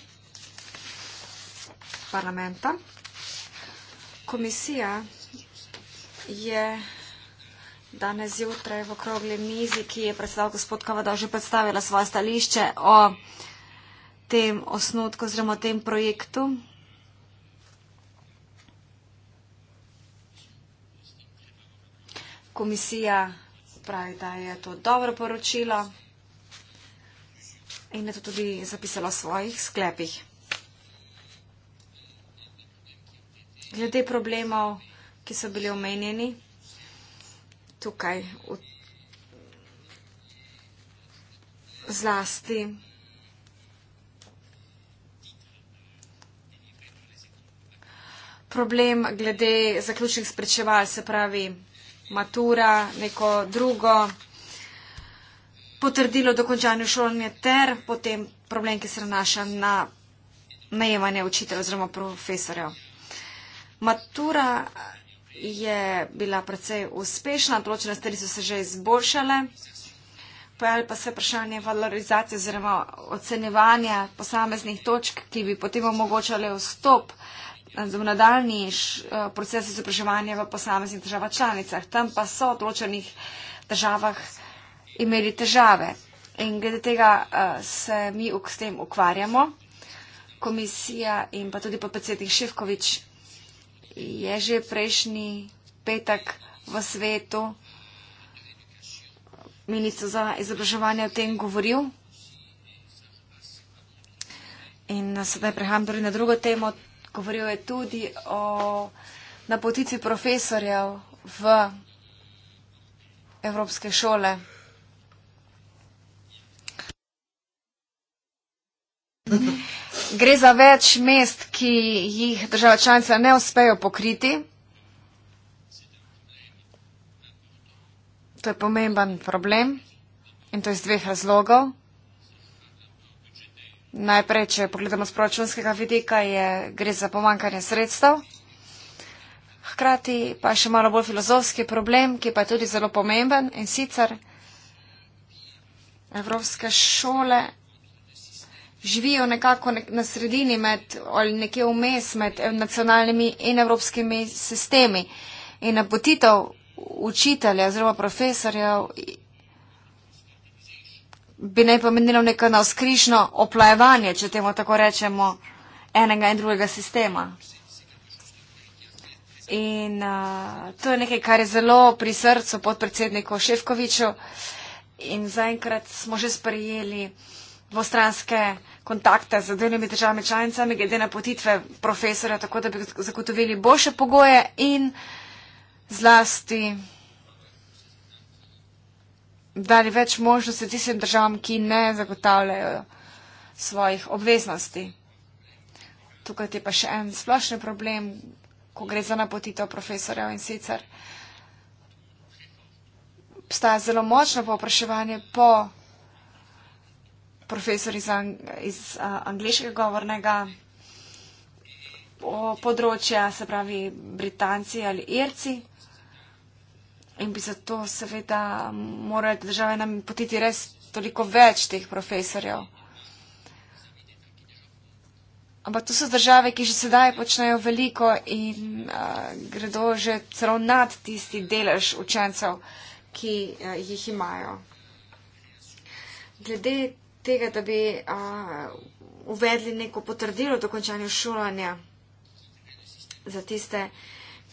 parlamenta. Komisija je Danes jutraj v okrogli mizi, ki je predstavil gospod Kavada, že predstavila svoje stališče o tem osnutku oziroma tem projektu. Komisija pravi, da je to dobro poročilo in je to tudi zapisalo v svojih sklepih. Glede problemov, ki so bili omenjeni, tukaj, v, zlasti. Problem glede zaključnih sprečeval, se pravi matura, neko drugo potrdilo dokončanju šolanja ter potem problem, ki se nanaša na najemanje učitelja oziroma profesorja. Matura je bila precej uspešna, določene stvari so se že izboljšale. Pojavili pa se vprašanje valorizacije oziroma ocenevanja posameznih točk, ki bi potem omogočali vstop za eh, nadaljni eh, proces izobraževanja v posameznih državah članicah. Tam pa so v določenih državah imeli težave. In glede tega eh, se mi s tem ukvarjamo. Komisija in pa tudi podpredsednik Šivkovič je že prejšnji petek v svetu ministr za izobraževanje o tem govoril. In sedaj prehajam tudi torej na drugo temo. Govoril je tudi o napotitvi profesorjev v evropske šole. gre za več mest, ki jih država članica ne uspejo pokriti. To je pomemben problem in to iz dveh razlogov. Najprej, če pogledamo z proračunskega vidika, je, gre za pomankanje sredstev. Hkrati pa je še malo bolj filozofski problem, ki pa je tudi zelo pomemben in sicer evropske šole živijo nekako na sredini med, ali nekje vmes med eh, nacionalnimi in evropskimi sistemi. In napotitev učitelja oziroma profesorjev bi naj pomenilo neko navskrižno oplajevanje, če temu tako rečemo, enega in drugega sistema. In uh, to je nekaj, kar je zelo pri srcu podpredsedniku Ševkoviču. In zaenkrat smo že sprejeli uh, dvostranske kontakte z delnimi državami članicami, glede na potitve profesora, tako da bi zagotovili boljše pogoje in zlasti dali več možnosti tistim državam, ki ne zagotavljajo svojih obveznosti. Tukaj je pa še en splošni problem, ko gre za napotitev profesorjev in sicer obstaja zelo močno povpraševanje po profesor iz, ang iz uh, angliškega govornega področja, se pravi Britanci ali Irci. In bi zato seveda morali države nam potiti res toliko več teh profesorjev. Ampak to so države, ki že sedaj počnejo veliko in uh, gredo že celo nad tisti delež učencev, ki uh, jih imajo. Glede tega, da bi a, uvedli neko potrdilo dokončanju šolanja za tiste,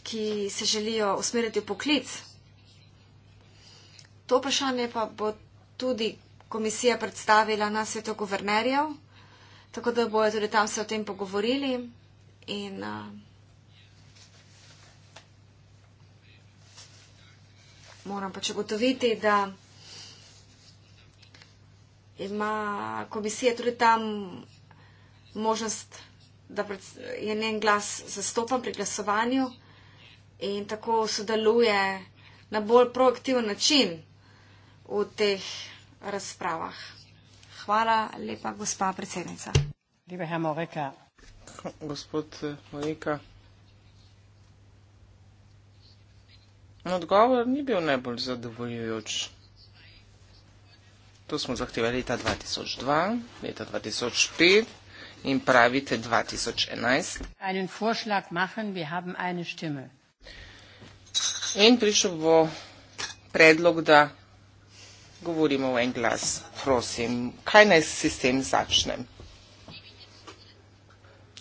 ki se želijo usmeriti v poklic. To vprašanje pa bo tudi komisija predstavila na svetu guvernerjev, tako da bojo tudi tam se o tem pogovorili. In, a, moram pač ugotoviti, da ima komisija tudi tam možnost, da je njen glas zastopan pri glasovanju in tako sodeluje na bolj proaktiven način v teh razpravah. Hvala lepa, gospa predsednica. Gospod eh, Morika. No, odgovor ni bil najbolj zadovoljujoč. To smo zahtevali leta 2002, leta 2005 in pravite 2011. Einen Vorschlag machen, wir haben eine Stimme. In prišel bo predlog, da govorimo v en glas. Prosim, kaj naj s tem začnem?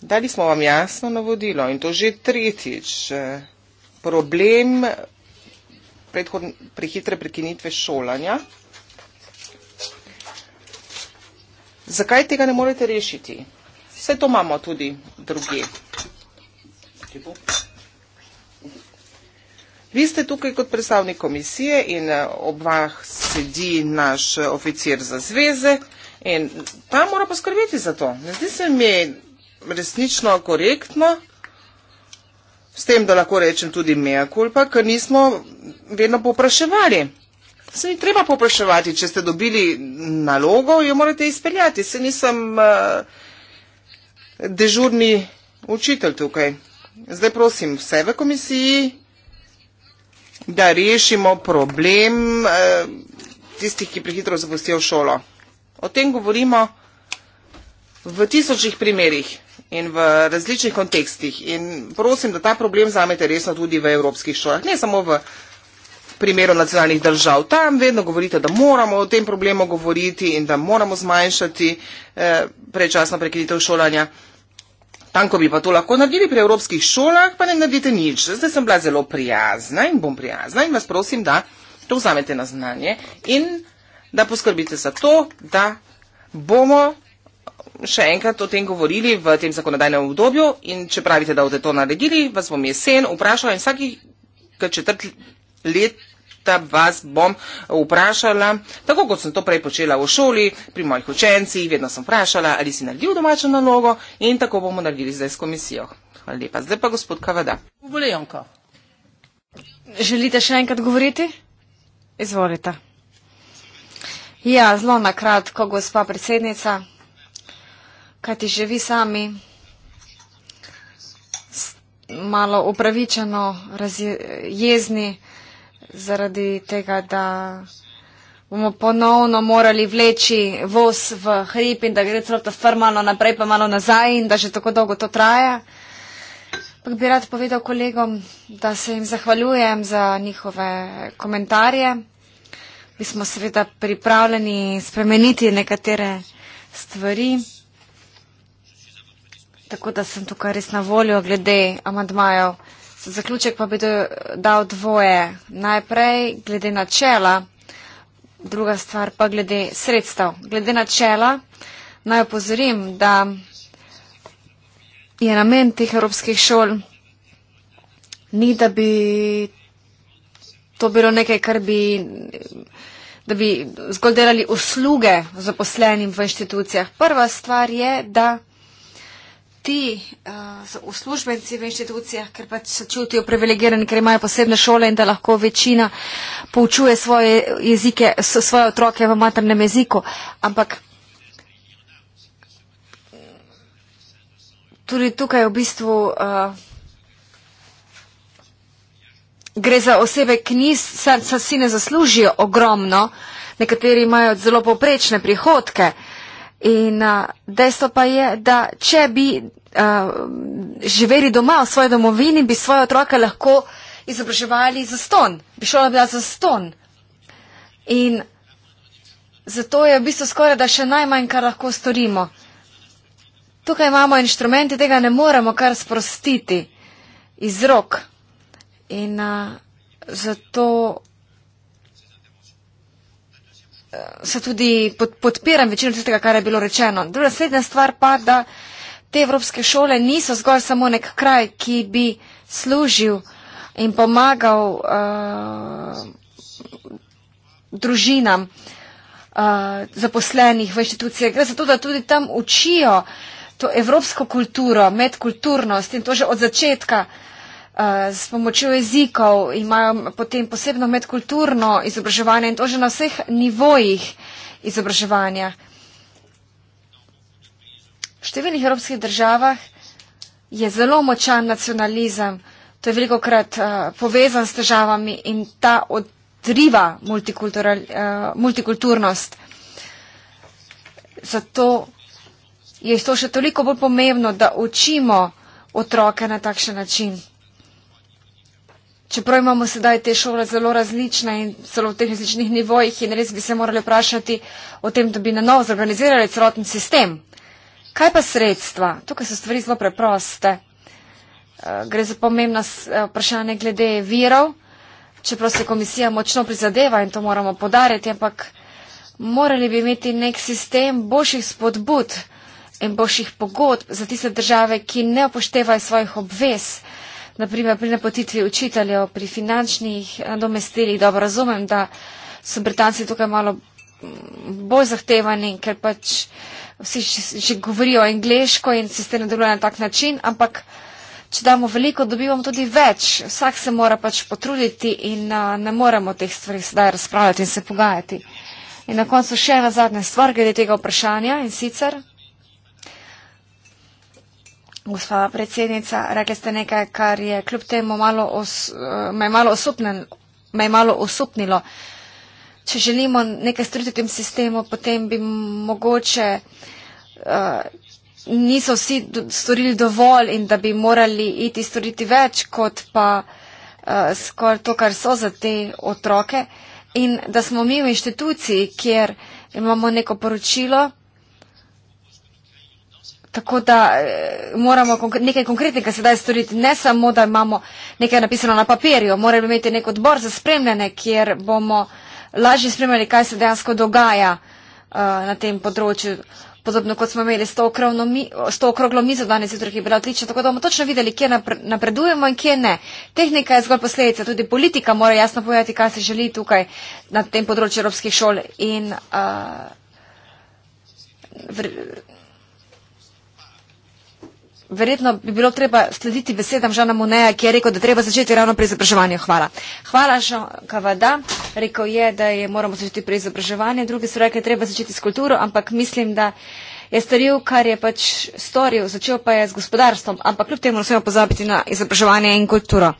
Dali smo vam jasno navodilo in to že tretjič. Eh, problem prehitre prekinitve šolanja. Zakaj tega ne morete rešiti? Vse to imamo tudi druge. Vi ste tukaj kot predstavnik komisije in eh, ob vah sedi naš eh, oficir za zveze in ta mora poskrbeti za to. Ne zdi se mi resnično korektno, s tem, da lahko rečem tudi mea culpa, ker nismo vedno popraševali. Se ni treba popraševati, če ste dobili nalogo, jo morate izpeljati. Se nisem uh, dežurni učitelj tukaj. Zdaj prosim vse v komisiji, da rešimo problem uh, tistih, ki prehitro zapustijo šolo. O tem govorimo v tisočih primerih in v različnih kontekstih. In prosim, da ta problem zamete resno tudi v evropskih šolah, ne samo v primeru nacionalnih držav. Tam vedno govorite, da moramo o tem problemu govoriti in da moramo zmanjšati eh, prečasno prekinitev šolanja. Tam, ko bi pa to lahko naredili pri evropskih šolah, pa ne naredite nič. Zdaj sem bila zelo prijazna in bom prijazna in vas prosim, da to vzamete na znanje in da poskrbite za to, da bomo še enkrat o tem govorili v tem zakonodajnem obdobju in če pravite, da bodo to naredili, vas bom jesen vprašala in vsakih četrt let leta vas bom vprašala, tako kot sem to prej počela v šoli, pri mojih učencih, vedno sem vprašala, ali si naredil domačo nalogo in tako bomo naredili zdaj s komisijo. Hvala lepa. Zdaj pa gospod Kavada. Bolejonko. Želite še enkrat govoriti? Izvolite. Ja, zelo nakratko, gospa predsednica, kaj ti že vi sami malo upravičeno, jezni zaradi tega, da bomo ponovno morali vleči voz v hrib in da gre celo ta stvar malo naprej, pa malo nazaj in da že tako dolgo to traja. Pa bi rad povedal kolegom, da se jim zahvaljujem za njihove komentarje. Mi smo seveda pripravljeni spremeniti nekatere stvari. Tako da sem tukaj res na voljo glede amadmajev. Za zaključek pa bi dal dvoje. Najprej glede načela, druga stvar pa glede sredstev. Glede načela naj opozorim, da je namen teh evropskih šol ni, da bi to bilo nekaj, kar bi da bi zgolj delali usluge zaposlenim v inštitucijah. Prva stvar je, da ti uh, uslužbenci v inštitucijah, ker pač se čutijo privilegirani, ker imajo posebne šole in da lahko večina poučuje svoje, jezike, svoje otroke v maternem jeziku. Ampak tudi tukaj v bistvu. Uh, Gre za osebe, ki niso, se si ne zaslužijo ogromno, nekateri imajo zelo poprečne prihodke. Uh, In uh, dejstvo pa je, da če bi uh, živeli doma v svoji domovini, bi svoje otroke lahko izobraževali za ston, bi šola bila za ston. In zato je v bistvu skoraj, da še najmanj, kar lahko storimo. Tukaj imamo inštrumente, tega ne moremo kar sprostiti iz rok. In uh, zato se tudi pod, podpiram večino tistega, kar je bilo rečeno. Druga srednja stvar pa, da te evropske šole niso zgolj samo nek kraj, ki bi služil in pomagal uh, družinam uh, zaposlenih v inštitucijah. Gre za to, da tudi tam učijo to evropsko kulturo, medkulturnost in to že od začetka uh, Eh, s pomočjo jezikov, imajo potem posebno medkulturno izobraževanje in to že na vseh nivojih izobraževanja. V številnih evropskih državah je zelo močan nacionalizem, to je veliko krat uh, eh, povezan s težavami in ta odriva uh, multikulturnost. Zato je to še toliko bolj pomembno, da učimo otroke na takšen način čeprav imamo sedaj te šole zelo različne in celo v tehničnih nivojih in res bi se morali vprašati o tem, da bi na novo zorganizirali celoten sistem. Kaj pa sredstva? Tukaj so stvari zelo preproste. Eh, gre za pomembna eh, vprašanja glede virov, čeprav se komisija močno prizadeva in to moramo podariti, ampak morali bi imeti nek sistem boljših spodbud in boljših pogodb za tiste države, ki ne upoštevajo svojih obvez naprimer pri napotitvi učiteljev, pri finančnih eh, domestilih, da razumem, da so Britanci tukaj malo mm, bolj zahtevani, ker pač vsi že govorijo angliško in sistem deluje na tak način, ampak če damo veliko, dobivamo tudi več. Vsak se mora pač potruditi in a, eh, ne moremo teh stvari sedaj razpravljati in se pogajati. In na koncu še ena zadnja stvar glede tega vprašanja in sicer. Gospa predsednica, rekli ste nekaj, kar je kljub temu malo os, eh, me, je malo osupnen, me je malo osupnilo. Če želimo nekaj storiti v tem sistemu, potem bi mogoče uh, niso vsi do, storili dovolj in da bi morali iti storiti več kot pa uh, skoraj to, kar so za te otroke. In da smo mi v instituciji, kjer imamo neko poročilo, tako da e, moramo konkre nekaj konkretnega sedaj storiti. Ne samo, da imamo nekaj napisano na papirju, moramo imeti nek odbor za spremljanje, kjer bomo lažje spremljali, kaj se dejansko dogaja e, na tem področju. Podobno kot smo imeli s to okroglo mizo danes, jutri je bila odlična, tako da bomo točno videli, kje napredujemo in kje ne. Tehnika je zgolj posledica, tudi politika mora jasno povedati, kaj se želi tukaj na tem področju evropskih šol. In, uh, verjetno bi bilo treba slediti besedam Žana Moneja, ki je rekel, da treba začeti ravno pri izobraževanju. Hvala. Hvala, Žan Kavada. Rekel je, da je, moramo začeti pri izobraževanju. Drugi so rekli, da treba začeti s kulturo, ampak mislim, da je storil, kar je pač storil, začel pa je z gospodarstvom, ampak kljub temu ne smemo pozabiti na izobraževanje in kulturo.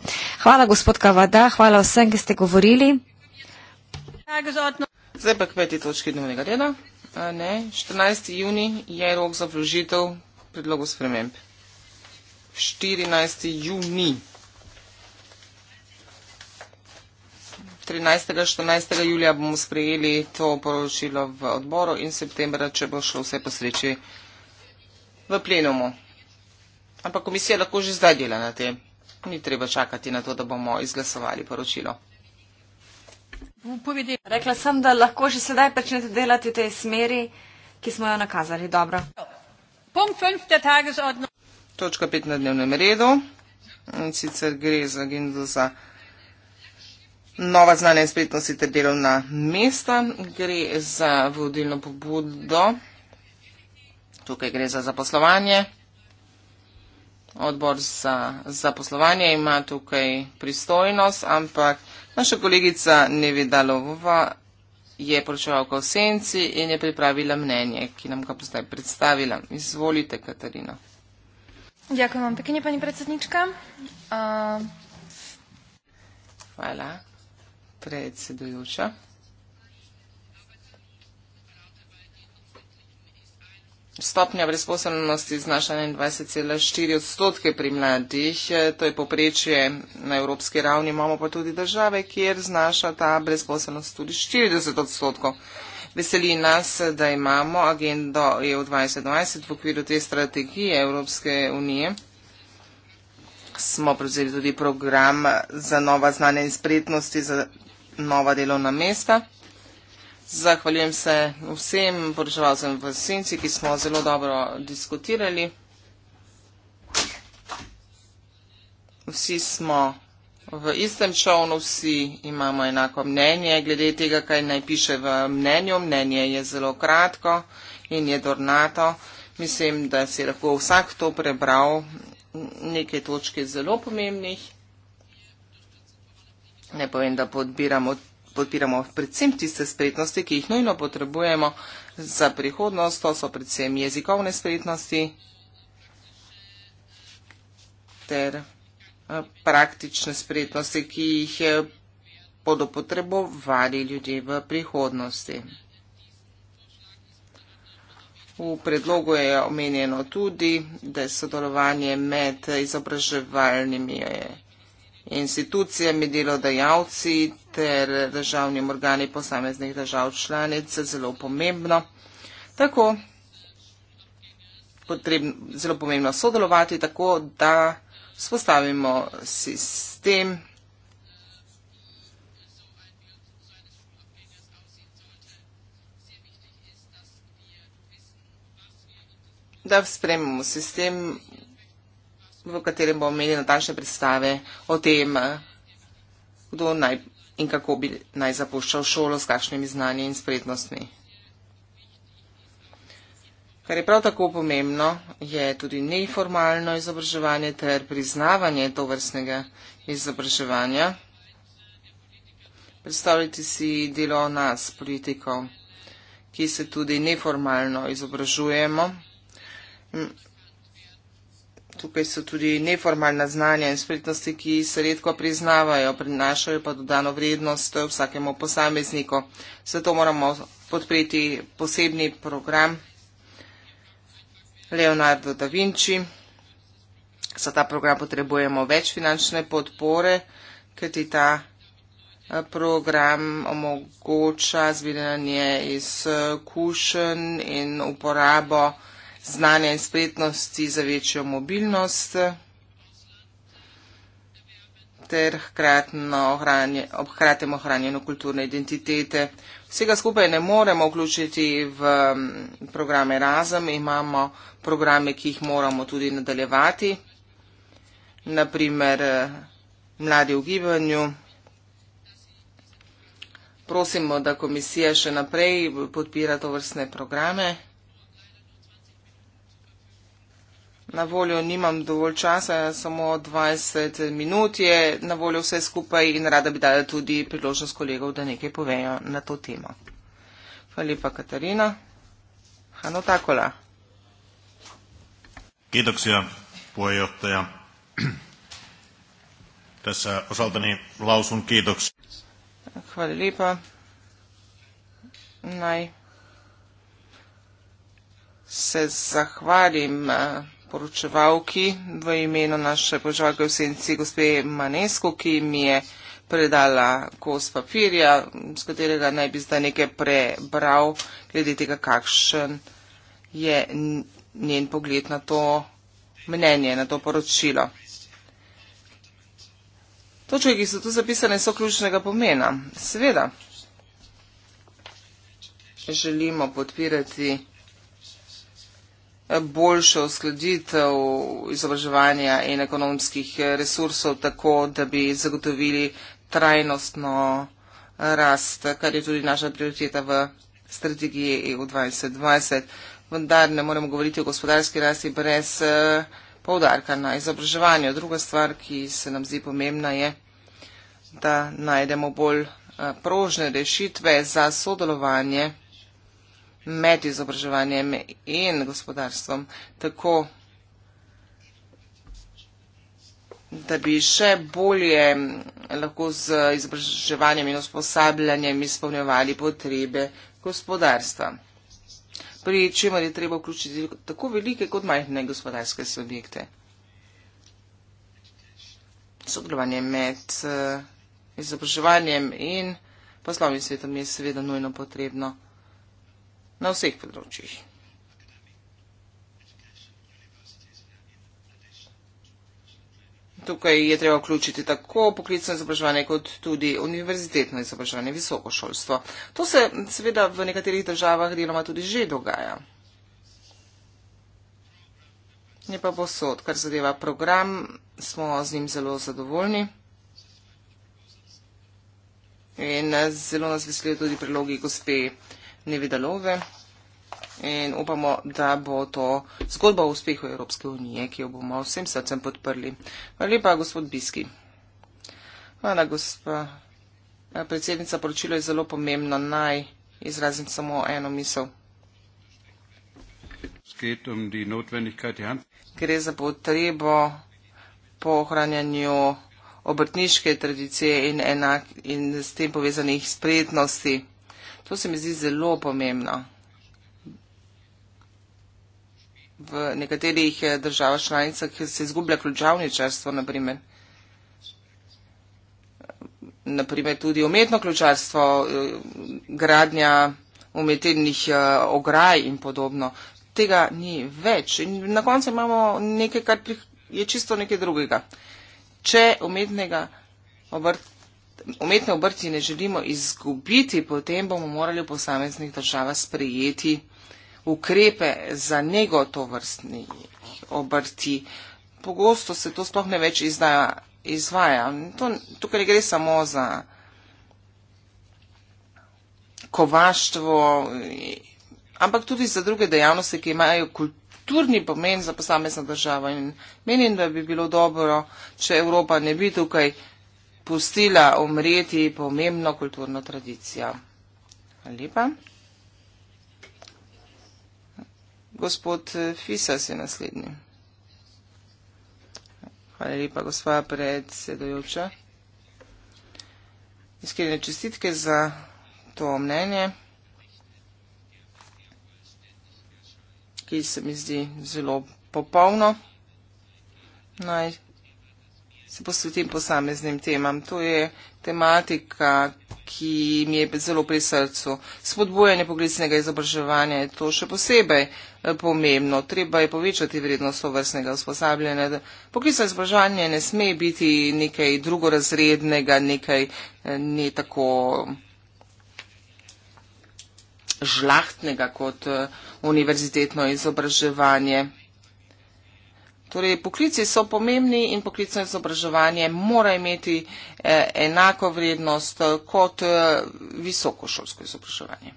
Hvala, gospod Kavada, hvala vsem, ki ste govorili. Zdaj pa k peti točki dnevnega reda. Ne, 14. juni je rok za vložitev predlogov sprememb. 14. juni. 13. 14. julija bomo sprejeli to poročilo v odboru in septembra, če bo šlo vse po sreči v plenumu. Ampak komisija lahko že zdaj dela na tem. Ni treba čakati na to, da bomo izglasovali poročilo. Povedila. Rekla sem, da lahko že sedaj začnete delati v tej smeri, ki smo jo nakazali. Dobro. Punkt 5. tagesordnung točka 5 na dnevnem redu. In sicer gre za agendo za nova znanja in spretnosti ter delovna mesta. Gre za vodilno pobudo. Tukaj gre za zaposlovanje. Odbor za zaposlovanje ima tukaj pristojnost, ampak naša kolegica Nevida Lovova je poročevalka v senci in je pripravila mnenje, ki nam ga postaje predstavila. Izvolite, Katarina. Ďakujem vám pekne, pani predsednička. Uh... Hvala, predsedujúča. Stopnja brezposobnosti znaša 21,4 odstotke pri mladih, to je poprečje na evropski ravni, imamo pa tudi države, kjer znaša ta brezposobnost tudi 40 odstotkov. Veseli nas, da imamo agendo EU 2020 v okviru te strategije Evropske unije. Smo prevzeli tudi program za nova znanja in spretnosti za nova delovna mesta. Zahvaljujem se vsem poročevalcem v Sinci, ki smo zelo dobro diskutirali. Vsi smo v istem čovnu, vsi imamo enako mnenje glede tega, kaj naj piše v mnenju. Mnenje je zelo kratko in je dornato. Mislim, da si lahko vsak to prebral. Neke točke zelo pomembnih. Ne povem, da podbiramo, podpiramo predvsem tiste spretnosti, ki jih nujno potrebujemo za prihodnost. To so predvsem jezikovne spretnosti ter praktične spretnosti, ki jih eh, bodo potrebovali ljudje v prihodnosti. V predlogu je omenjeno tudi, da je sodelovanje med izobraževalnimi eh, institucijami, delodajalci ter državnim organi posameznih držav članic zelo pomembno. Tako, potrebno, zelo pomembno sodelovati tako, da Spostavimo sistem. Da spremimo sistem, v katerem bomo imeli natančne predstave o tem, kdo naj in kako bi naj zapuščal šolo, s kakšnimi znanji in spretnostmi. Kar je prav tako pomembno, je tudi neformalno izobraževanje ter priznavanje tovrstnega izobraževanja. Predstavljati si delo nas, politikov, ki se tudi neformalno izobražujemo. Tukaj so tudi neformalna znanja in spretnosti, ki se redko priznavajo, prinašajo pa dodano vrednost vsakemu posamezniku. Zato moramo podpreti posebni program Leonardo da Vinci. Za ta program potrebujemo več finančne podpore, ker ti ta eh, program omogoča zbiranje izkušenj eh, in uporabo znanja in spretnosti za večjo mobilnost ter hkratem ohranjeno kulturne identitete. Vsega skupaj ne moremo vključiti v programe razem, imamo programe, ki jih moramo tudi nadaljevati, naprimer eh, mladi v gibanju. Prosimo, da komisija še naprej podpira to vrstne programe. Na voljo nimam dovolj časa, samo 20 minut je na voljo vse skupaj in rada bi dala tudi priložnost kolegov, da nekaj povejo na to temo. Hvala lepa, Katarina. Hano Takola. Kiitoksia, puheenjohtaja. Tässä osaltani lausun kiitoksia. Hvala lepa. Naj se zahvalim uh, poročevalki v imenu naše poročevalke v senci gospe Manesko, ki mi je predala kos papirja, z katerega naj bi zdaj nekaj prebral, glede tega, kakšen je njen pogled na to mnenje, na to poročilo. Točke, ki so tu zapisane, so ključnega pomena. Seveda, želimo podpirati boljšo uskladitev izobraževanja in ekonomskih resursov, tako da bi zagotovili trajnostno rast, kar je tudi naša prioriteta v strategiji EU 2020. Vendar ne moremo govoriti o gospodarski rasti brez eh, poudarka na izobraževanju. Druga stvar, ki se nam zdi pomembna, je, da najdemo bolj eh, prožne rešitve za sodelovanje med izobraževanjem in gospodarstvom, tako da bi še bolje lahko z izobraževanjem in usposabljanjem izpolnjevali potrebe gospodarstva. Pri čemer je treba vključiti tako velike kot majhne gospodarske subjekte. Sodelovanje med eh, izobraževanjem in poslovnim svetom je seveda nujno potrebno na vseh področjih. Tukaj je treba vključiti tako poklicno izobraževanje kot tudi univerzitetno izobraževanje, visoko šolstvo. To se seveda v nekaterih državah deloma tudi že dogaja. Ne pa posod, kar zadeva program, smo z njim zelo zadovoljni. In zelo nas veselijo tudi prilogi gospe nevidalove in upamo, da bo to zgodba o uspehu Evropske unije, ki jo bomo vsem srcem podprli. Hvala lepa, gospod Biski. Hvala, gospa. Eh, predsednica, poročilo je zelo pomembno. Naj izrazim samo eno misel. Um ja. Gre za potrebo po ohranjanju obrtniške tradicije in, enak, in s tem povezanih spretnosti. To se mi zdi zelo pomembno. V nekaterih eh, državah članicah se izgublja ključavničarstvo, naprimer. Naprimer tudi umetno ključarstvo, eh, gradnja umetnih eh, ograj in podobno. Tega ni več. In na koncu imamo nekaj, kar je čisto nekaj drugega. Če umetnega obrta umetne obrti ne želimo izgubiti, potem bomo morali v posameznih državah sprejeti ukrepe za negotovrstni obrti. Pogosto se to sploh ne več izdaja, izvaja. To, tukaj gre samo za kovaštvo, ampak tudi za druge dejavnosti, ki imajo kulturni pomen za posamezna država. In menim, da bi bilo dobro, če Evropa ne bi tukaj pustila umreti pomembno kulturno tradicijo. Hvala lepa. Gospod Fisas je naslednji. Hvala lepa, gospa predsedojoča. Iskrene čestitke za to mnenje, ki se mi zdi zelo popolno. Naj se posvetim posameznim temam. To je tematika, ki mi je zelo pri srcu. Spodbujanje poklicnega izobraževanja je to še posebej eh, pomembno. Treba je povečati vrednost tovrstnega usposabljanja. Poklicno izobraževanje ne sme biti nekaj drugorazrednega, nekaj eh, ne tako žlahtnega kot eh, univerzitetno izobraževanje. Torej, poklici so pomembni in poklicno izobraževanje mora imeti eh, enako vrednost eh, kot eh, visokošolsko izobraževanje.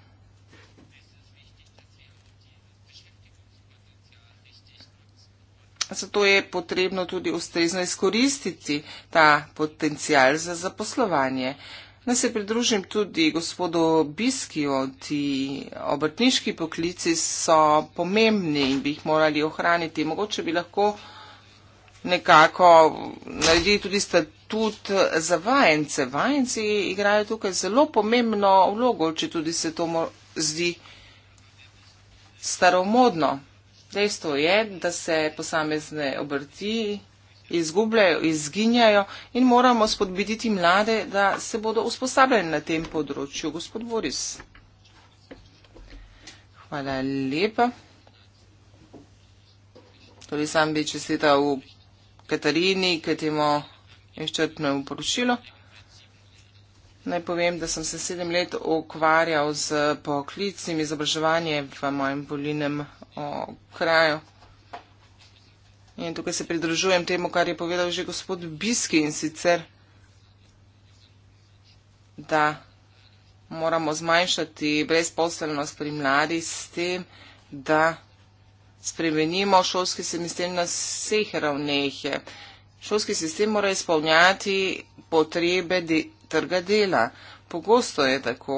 Zato je potrebno tudi ustrezno izkoristiti ta potencial za zaposlovanje. Naj se pridružim tudi gospodu Biskiju, ti obrtniški poklici so pomembni in bi jih morali ohraniti. Mogoče bi lahko nekako naredili tudi statut za vajence. Vajenci igrajo tukaj zelo pomembno vlogo, če tudi se to zdi staromodno. Dejstvo je, da se posamezne obrti izgubljajo, izginjajo in moramo spodbiditi mlade, da se bodo usposabljali na tem področju. Gospod Boris. Hvala lepa. Torej sam bi čestital v Katarini, ker imamo izčrpno poročilo. Naj povem, da sem se sedem let ukvarjal z poklicnim izobraževanjem v mojem bolinem okraju. In tukaj se pridružujem temu, kar je povedal že gospod Biski in sicer, da moramo zmanjšati brezposelnost pri mladi s tem, da spremenimo šolski sistem na vseh ravneh. Šolski sistem mora izpolnjati potrebe de trga dela. Pogosto je tako,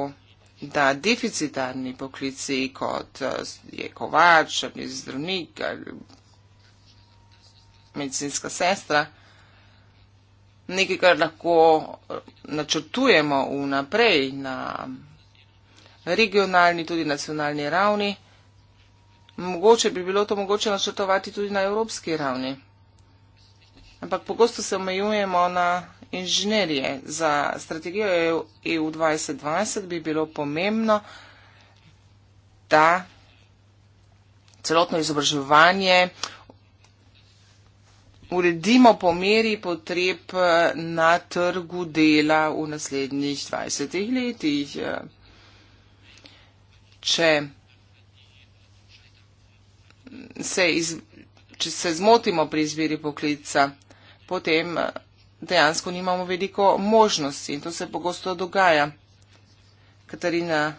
da deficitarni poklici, kot eh, je kovač ali zdravnik ali medicinska sestra, nekaj, kar lahko eh, načrtujemo vnaprej na regionalni, tudi nacionalni ravni, mogoče bi bilo to mogoče načrtovati tudi na evropski ravni. Ampak pogosto se omejujemo na inženirje. Za strategijo EU 2020 e bi bilo pomembno, da celotno izobraževanje, uredimo po meri potreb eh, na trgu dela v naslednjih 20 letih. Eh, če se, iz, če se zmotimo pri izbiri poklica, potem eh, dejansko nimamo veliko možnosti in to se pogosto dogaja. Katarina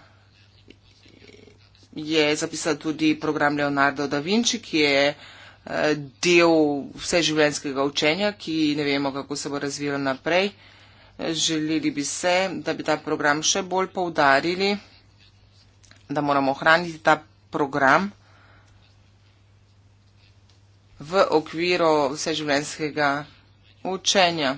je zapisala tudi program Leonardo da Vinci, ki je uh, del vseživljenjskega učenja, ki ne vemo, kako se bo razvijalo naprej. Želeli bi se, da bi ta program še bolj poudarili, da moramo ohraniti ta program v okviru vseživljenjskega učenja.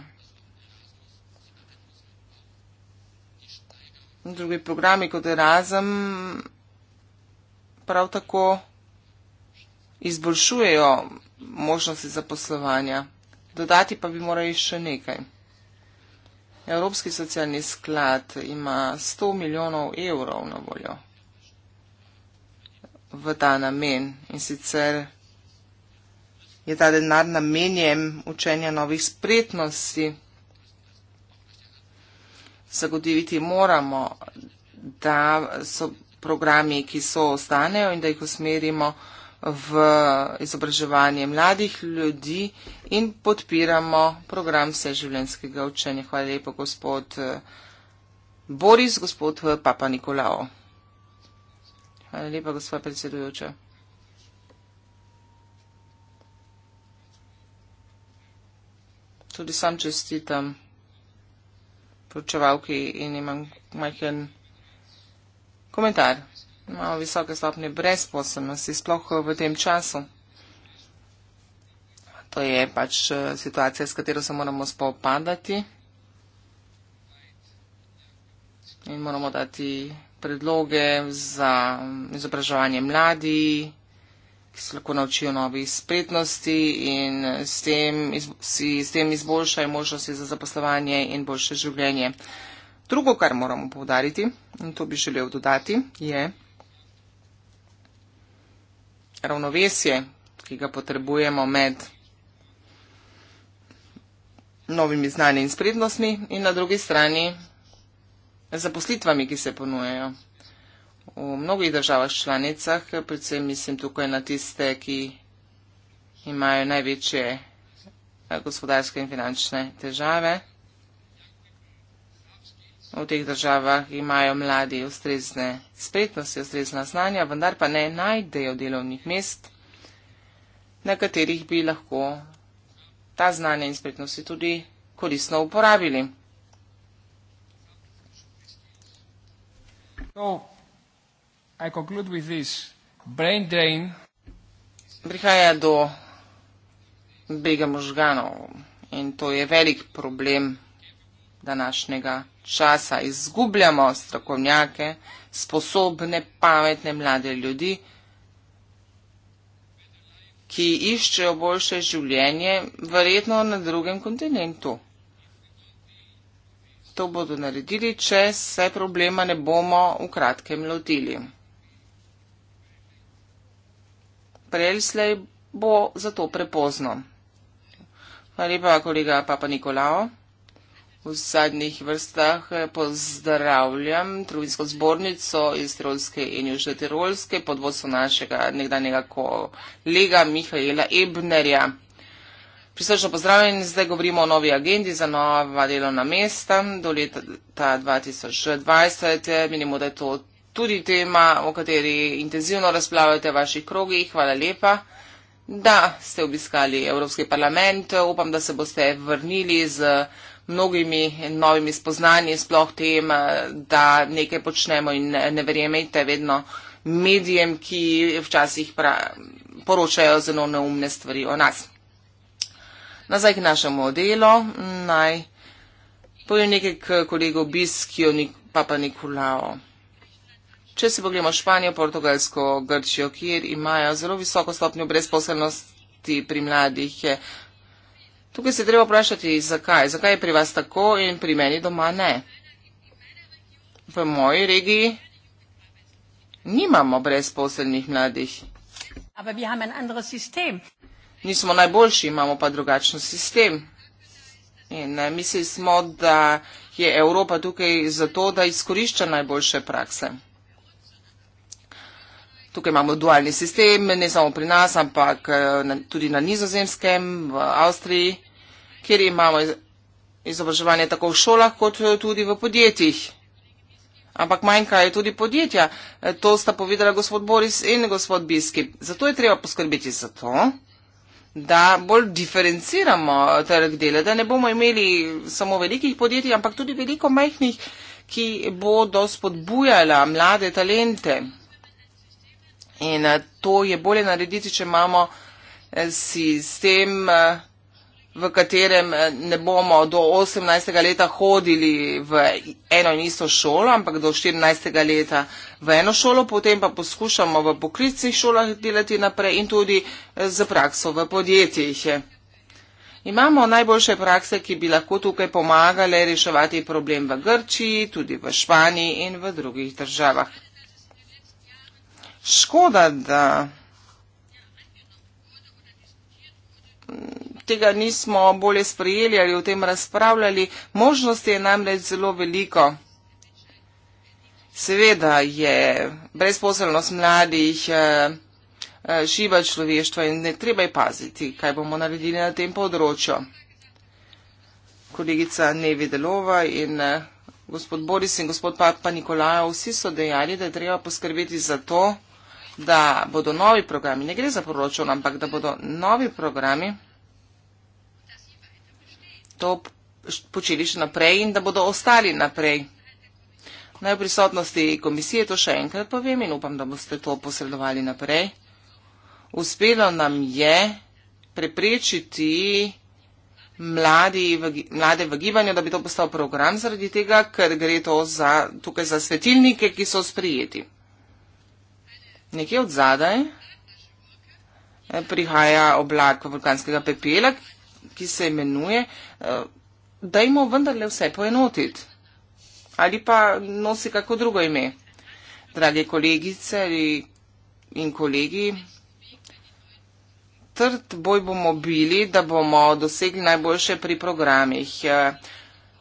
Drugi programi kot razem prav tako izboljšujejo možnosti zaposlovanja. Dodati pa bi morali še nekaj. Evropski socialni sklad ima 100 milijonov evrov na voljo v ta namen in sicer je ta denar namenjen učenja novih spretnosti. Zagotoviti moramo, da so programi, ki so ostanejo in da jih usmerimo v izobraževanje mladih ljudi in podpiramo program vseživljenskega učenja. Hvala lepa, gospod eh, Boris, gospod eh, Papa Nikolao. Hvala lepa, gospod predsedujoča. Tudi sam čestitam pročevalki in imam majhen komentar imamo visoke stopnje brezposobnosti, sploh eh, v tem času. To je pač eh, situacija, s katero se moramo spopadati in moramo dati predloge za mm, izobraževanje mladi, ki se lahko naučijo novih spretnosti in eh, s tem, si s tem izboljšajo možnosti za zaposlovanje in boljše življenje. Drugo, kar moramo povdariti, in to bi želel dodati, je, ravnovesje, ki ga potrebujemo med novimi znanji in sprednostmi in na drugi strani zaposlitvami, ki se ponujejo. V mnogih državah članicah, predvsem mislim tukaj na tiste, ki imajo največje eh, gospodarske in finančne težave v teh državah imajo mladi ustrezne spretnosti, ustrezna znanja, vendar pa ne najdejo delovnih mest, na katerih bi lahko ta znanja in spretnosti tudi koristno uporabili. So, I conclude with this. Brain drain. Prihaja do bega možganov in to je velik problem današnjega časa. Izgubljamo strokovnjake, sposobne, pametne mlade ljudi, ki iščejo boljše življenje, verjetno na drugem kontinentu. To bodo naredili, če se problema ne bomo v kratkem lotili. Prelslej bo zato prepozno. Hvala lepa, kolega Papa Nikolao v zadnjih vrstah eh, pozdravljam trgovinsko zbornico iz Tirolske in Južne Tirolske pod vodstvom našega nekdanjega kolega Mihajla Ebnerja. Prisrčno pozdravljen, zdaj govorimo o novi agendi za nova delovna mesta do leta 2020. Eh, menimo, da je to tudi tema, o kateri intenzivno razplavljate v vaših krogih. Hvala lepa. Da, ste obiskali Evropski parlament, upam, da se boste vrnili z mnogimi novimi spoznanji, sploh tem, eh, da nekaj počnemo in ne, ne verjemite vedno medijem, ki včasih pra, poročajo zelo neumne stvari o nas. Nazaj k našemu delu. Naj povem nekaj k kolegu Biskijo in papa Nikolao. Če si pogledamo Španijo, Portugalsko, Grčijo, kjer imajo zelo visoko stopnjo brezposelnosti pri mladih, je Tukaj se treba vprašati, zakaj. Zakaj je pri vas tako in pri meni doma ne? V moji regiji nimamo brezposelnih mladih. Nismo najboljši, imamo pa drugačen sistem. In mislili smo, da je Evropa tukaj zato, da izkorišča najboljše prakse. Tukaj imamo dualni sistem, ne samo pri nas, ampak eh, tudi na nizozemskem, v Avstriji kjer imamo izobraževanje tako v šolah, kot eh, tudi v podjetjih. Ampak manjka je tudi podjetja, eh, to sta povedala gospod Boris in gospod Biski. Zato je treba poskrbiti za to, da bolj diferenciramo eh, trg dele, da ne bomo imeli samo velikih podjetij, ampak tudi veliko majhnih, ki bodo spodbujala mlade talente. In to je bolje narediti, če imamo sistem v katerem eh, ne bomo do 18. leta hodili v eno in isto šolo, ampak do 14. leta v eno šolo, potem pa poskušamo v poklicnih šolah delati naprej in tudi eh, z prakso v podjetjih. Imamo najboljše prakse, ki bi lahko tukaj pomagale reševati problem v Grčiji, tudi v Španiji in v drugih državah. Škoda, da tega nismo bolje sprejeli ali o tem razpravljali. Možnosti je namreč zelo veliko. Seveda je brezposelnost mladih eh, eh, šiva človeštva in ne treba je paziti, kaj bomo naredili na tem področju. Kolegica Nevi Delova in eh, gospod Boris in gospod Papa Nikolajo, vsi so dejali, da je treba poskrbeti za to, da bodo novi programi, ne gre za poročun, ampak da bodo novi programi to počeli še naprej in da bodo ostali naprej. Naj v prisotnosti komisije to še enkrat povem in upam, da boste to posredovali naprej. Uspelo nam je preprečiti mlade v gibanju, da bi to postal program zaradi tega, ker gre to tukaj za svetilnike, ki so sprijeti. Nekje od zadaj eh, prihaja oblak vulkanskega pepela, ki se imenuje Eh, da imamo vendarle vse poenotiti ali pa nosi kako drugo ime. Drage kolegice in kolegi, trd boj bomo bili, da bomo dosegli najboljše pri programih. Eh,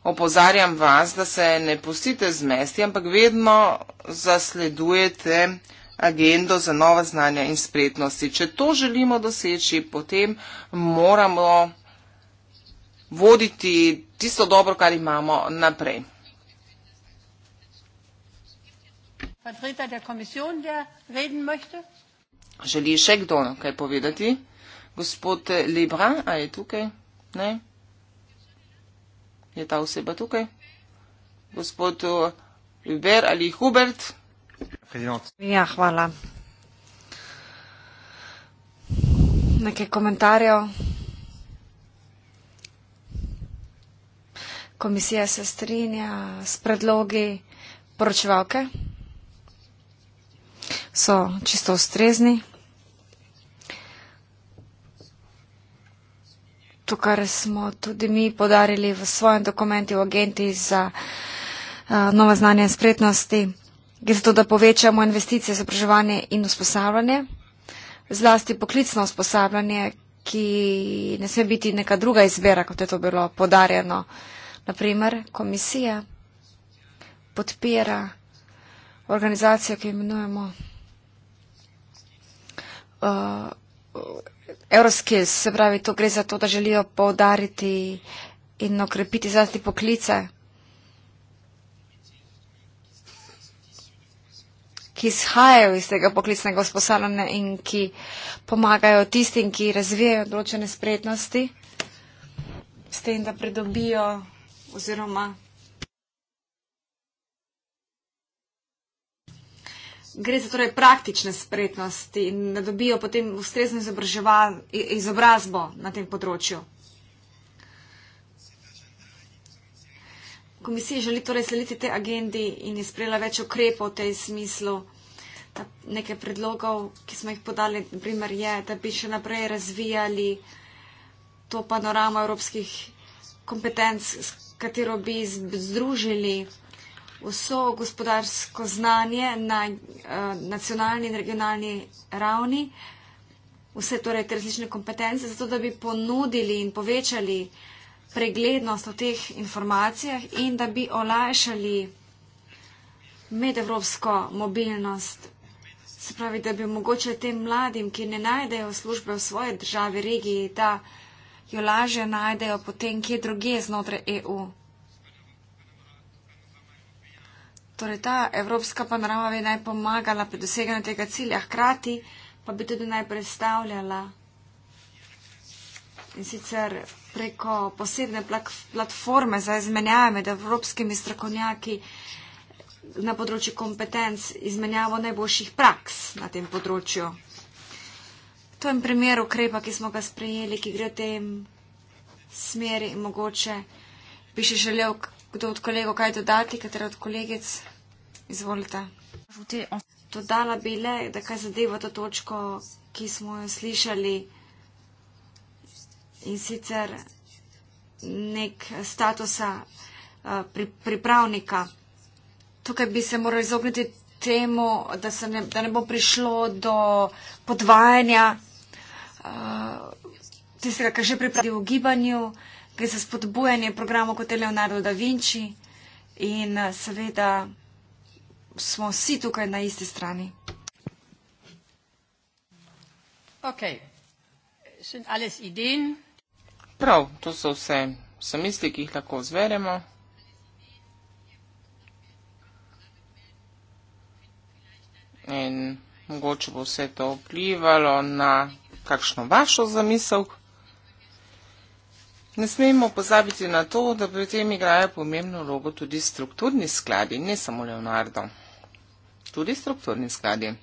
opozarjam vas, da se ne pustite zmesti, ampak vedno zasledujete agendo za nova znanja in spretnosti. Če to želimo doseči, potem moramo voditi tisto dobro, kar imamo naprej. Želi še kdo kaj povedati? Gospod Lebra, a je tukaj? Ne? Je ta oseba tukaj? Gospod Huber ali Hubert? Ja, hvala. Nekaj komentarjev. komisija se strinja s predlogi poročevalke, so čisto ustrezni. To, kar smo tudi mi podarili v svojem dokumenti v agenciji za uh, eh, nove znanje in spretnosti, gre za to, da povečamo investicije za obraževanje in usposabljanje, zlasti poklicno usposabljanje, ki ne sme biti neka druga izbira, kot je to bilo podarjeno uh, Naprimer, komisija podpira organizacijo, ki imenujemo uh, Euroskills, se pravi, to gre za to, da želijo poudariti in okrepiti zlasti poklice. ki izhajajo iz tega poklicnega usposabljanja in ki pomagajo tistim, ki razvijajo določene spretnosti, s tem, da pridobijo oziroma gre za torej praktične spretnosti in da dobijo potem ustrezno izobrazbo na tem področju. Komisija želi torej slediti te agendi in je sprejela več ukrepov v tej smislu. Nekaj predlogov, ki smo jih podali, primer je, da bi še naprej razvijali to panoramo evropskih kompetenc, katero bi združili vso gospodarsko znanje na uh, nacionalni in regionalni ravni, vse torej različne kompetence, zato da bi ponudili in povečali preglednost v teh informacijah in da bi olajšali medevropsko mobilnost. Se pravi, da bi omogočili tem mladim, ki ne najdejo službe v svoji državi, regiji, da jo lažje najdejo potem kje druge znotraj EU. Torej ta evropska panorama bi naj pomagala pri doseganju tega cilja, hkrati pa bi tudi naj predstavljala in sicer preko posebne platforme za izmenjave med evropskimi strokovnjaki na področju kompetenc izmenjavo najboljših praks na tem področju. To je en primer ukrepa, ki smo ga sprejeli, ki gre v tem smeri in mogoče bi še želel kdo od kolegov kaj dodati, katera od kolegic. Izvolite. Dodala bi le, da kaj zadeva to točko, ki smo jo slišali in sicer nek statusa eh, pri, pripravnika. Tukaj bi se moral izogniti temu, da, se ne, da ne bo prišlo do podvajanja uh, tistega, kar že pripravi v gibanju, gre za spodbujanje programov kot je Leonardo da Vinci in uh, seveda smo vsi tukaj na isti strani. Ok, sem ales idin. Prav, to so vse samisti, ki jih lahko zveremo. In mogoče bo vse to vplivalo na kakšno vašo zamisel. Ne smemo pozabiti na to, da pri tem igrajo pomembno vlogo tudi strukturni skladi, ne samo Leonardo. Tudi strukturni skladi,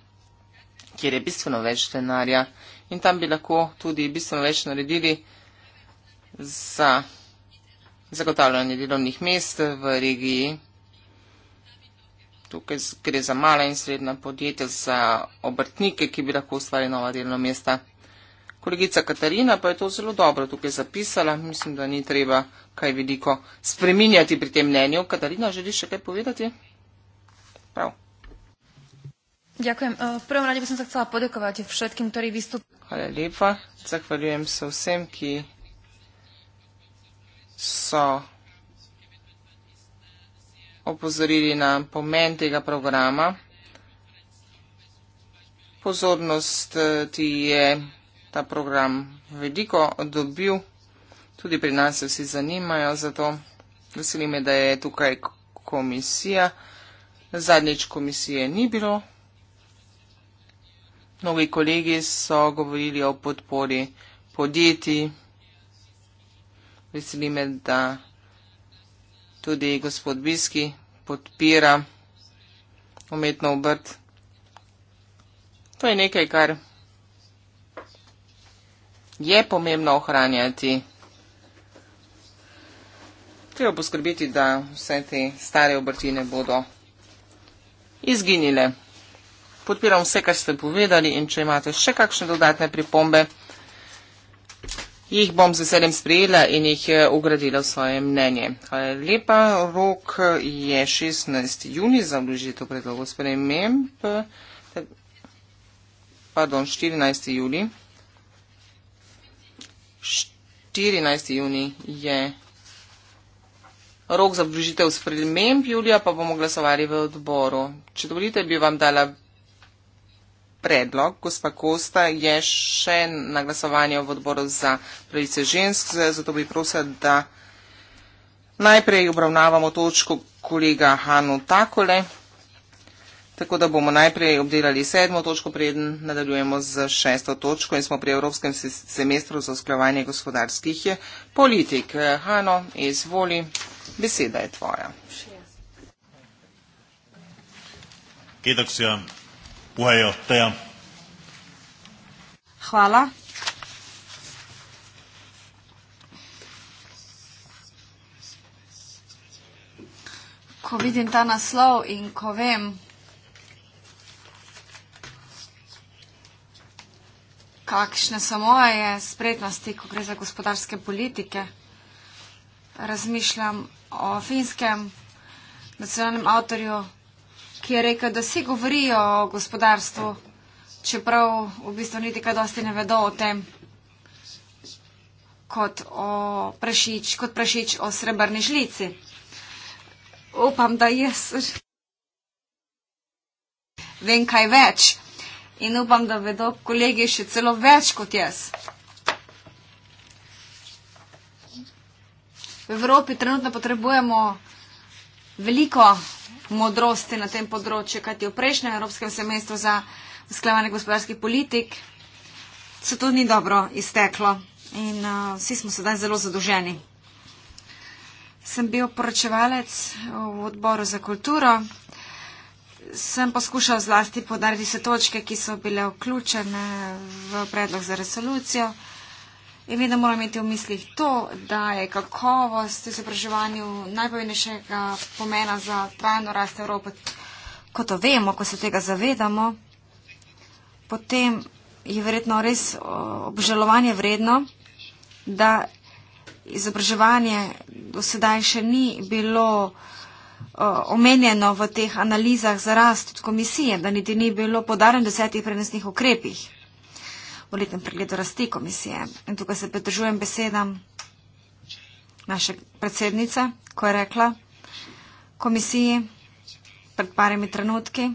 kjer je bistveno več denarja in tam bi lahko tudi bistveno več naredili za zagotavljanje delovnih mest v regiji. Tukaj gre za mala in srednja podjetja, za obrtnike, ki bi lahko ustvarili nova delovna mesta. Kolegica Katarina pa je to zelo dobro tukaj zapisala. Mislim, da ni treba kaj veliko spreminjati pri tem mnenju. Katarina, želiš še kaj povedati? Prav. Dziękujem. Eh, v prvom rade by som sa chcela podakovať všetkým, ktorí vystúpili. Hvala lepa. Zahvaljujem sa vsem, ki so opozorili na pomen tega programa. Pozornost eh, ti je ta program veliko dobil, tudi pri nas se vsi zanimajo, zato veseli me, da je tukaj komisija. Zadnjič komisije ni bilo. Mnogi kolegi so govorili o podpori podjetij. Veseli me, da tudi gospod Biski podpira umetno obrt. To je nekaj, kar je pomembno ohranjati. Treba poskrbeti, da vse te stare obrtine bodo izginile. Podpiram vse, kar ste povedali in če imate še kakšne dodatne pripombe, jih bom z veseljem sprejela in jih eh, ugradila v svoje mnenje. Hvala lepa, rok je 16. juni za vložitev predlogov sprememb, pardon, 14. juli. 14. juni je rok za vložitev sprememb, julija pa bomo glasovali v odboru. Če dovolite, bi vam dala predlog. Gospa Kosta je še na glasovanju v odboru za pravice žensk, zato bi prosila, da najprej obravnavamo točko kolega Hanu Takole. Tako da bomo najprej obdelali sedmo točko, preden nadaljujemo z šesto točko in smo pri Evropskem semestru za usklajevanje gospodarskih eh, politik. Eh, Hano, izvoli, beseda je tvoja. Hvala. Ko vidim ta naslov in ko vem, kakšne so moje spretnosti, ko gre za gospodarske politike. Razmišljam o finskem nacionalnem avtorju, ki je rekel, da vsi govorijo o gospodarstvu, čeprav v bistvu niti kaj dosti ne vedo o tem, kot o prašič, kot prašič o srebrni žlici. Upam, da jaz vem kaj več in upam, da vedo kolegi še celo več kot jaz. V Evropi trenutno potrebujemo veliko modrosti na tem področju, kajti v prejšnjem Evropskem semestru za usklajevanje gospodarskih politik se to ni dobro izteklo in uh, vsi smo sedaj zelo zadoženi. Sem bil poročevalec v odboru za kulturo sem poskušal zlasti podariti se točke, ki so bile vključene v predlog za resolucijo. In vedno moram imeti v mislih to, da je kakovost v izobraževanju najpomembnejšega pomena za trajno rast Evrope. Ko to vemo, ko se tega zavedamo, potem je verjetno res obžalovanje vredno, da izobraževanje do sedaj še ni bilo uh, omenjeno v teh analizah za rast od komisije, da niti ni bilo podarjen desetih prednostnih ukrepih v letnem pregledu rasti komisije. In tukaj se pridržujem besedam naše predsednice, ko je rekla komisiji pred parimi trenutki,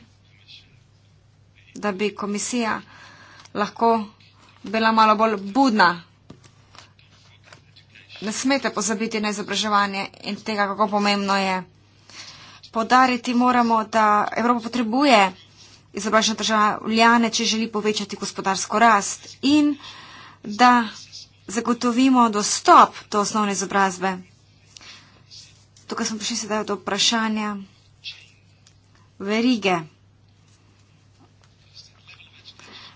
da bi komisija lahko bila malo bolj budna. Ne smete pozabiti na izobraževanje in tega, kako pomembno je podariti moramo, da Evropa potrebuje izobražena država vljane, če želi povečati gospodarsko rast in da zagotovimo dostop do osnovne izobrazbe. Tukaj smo prišli sedaj do vprašanja verige.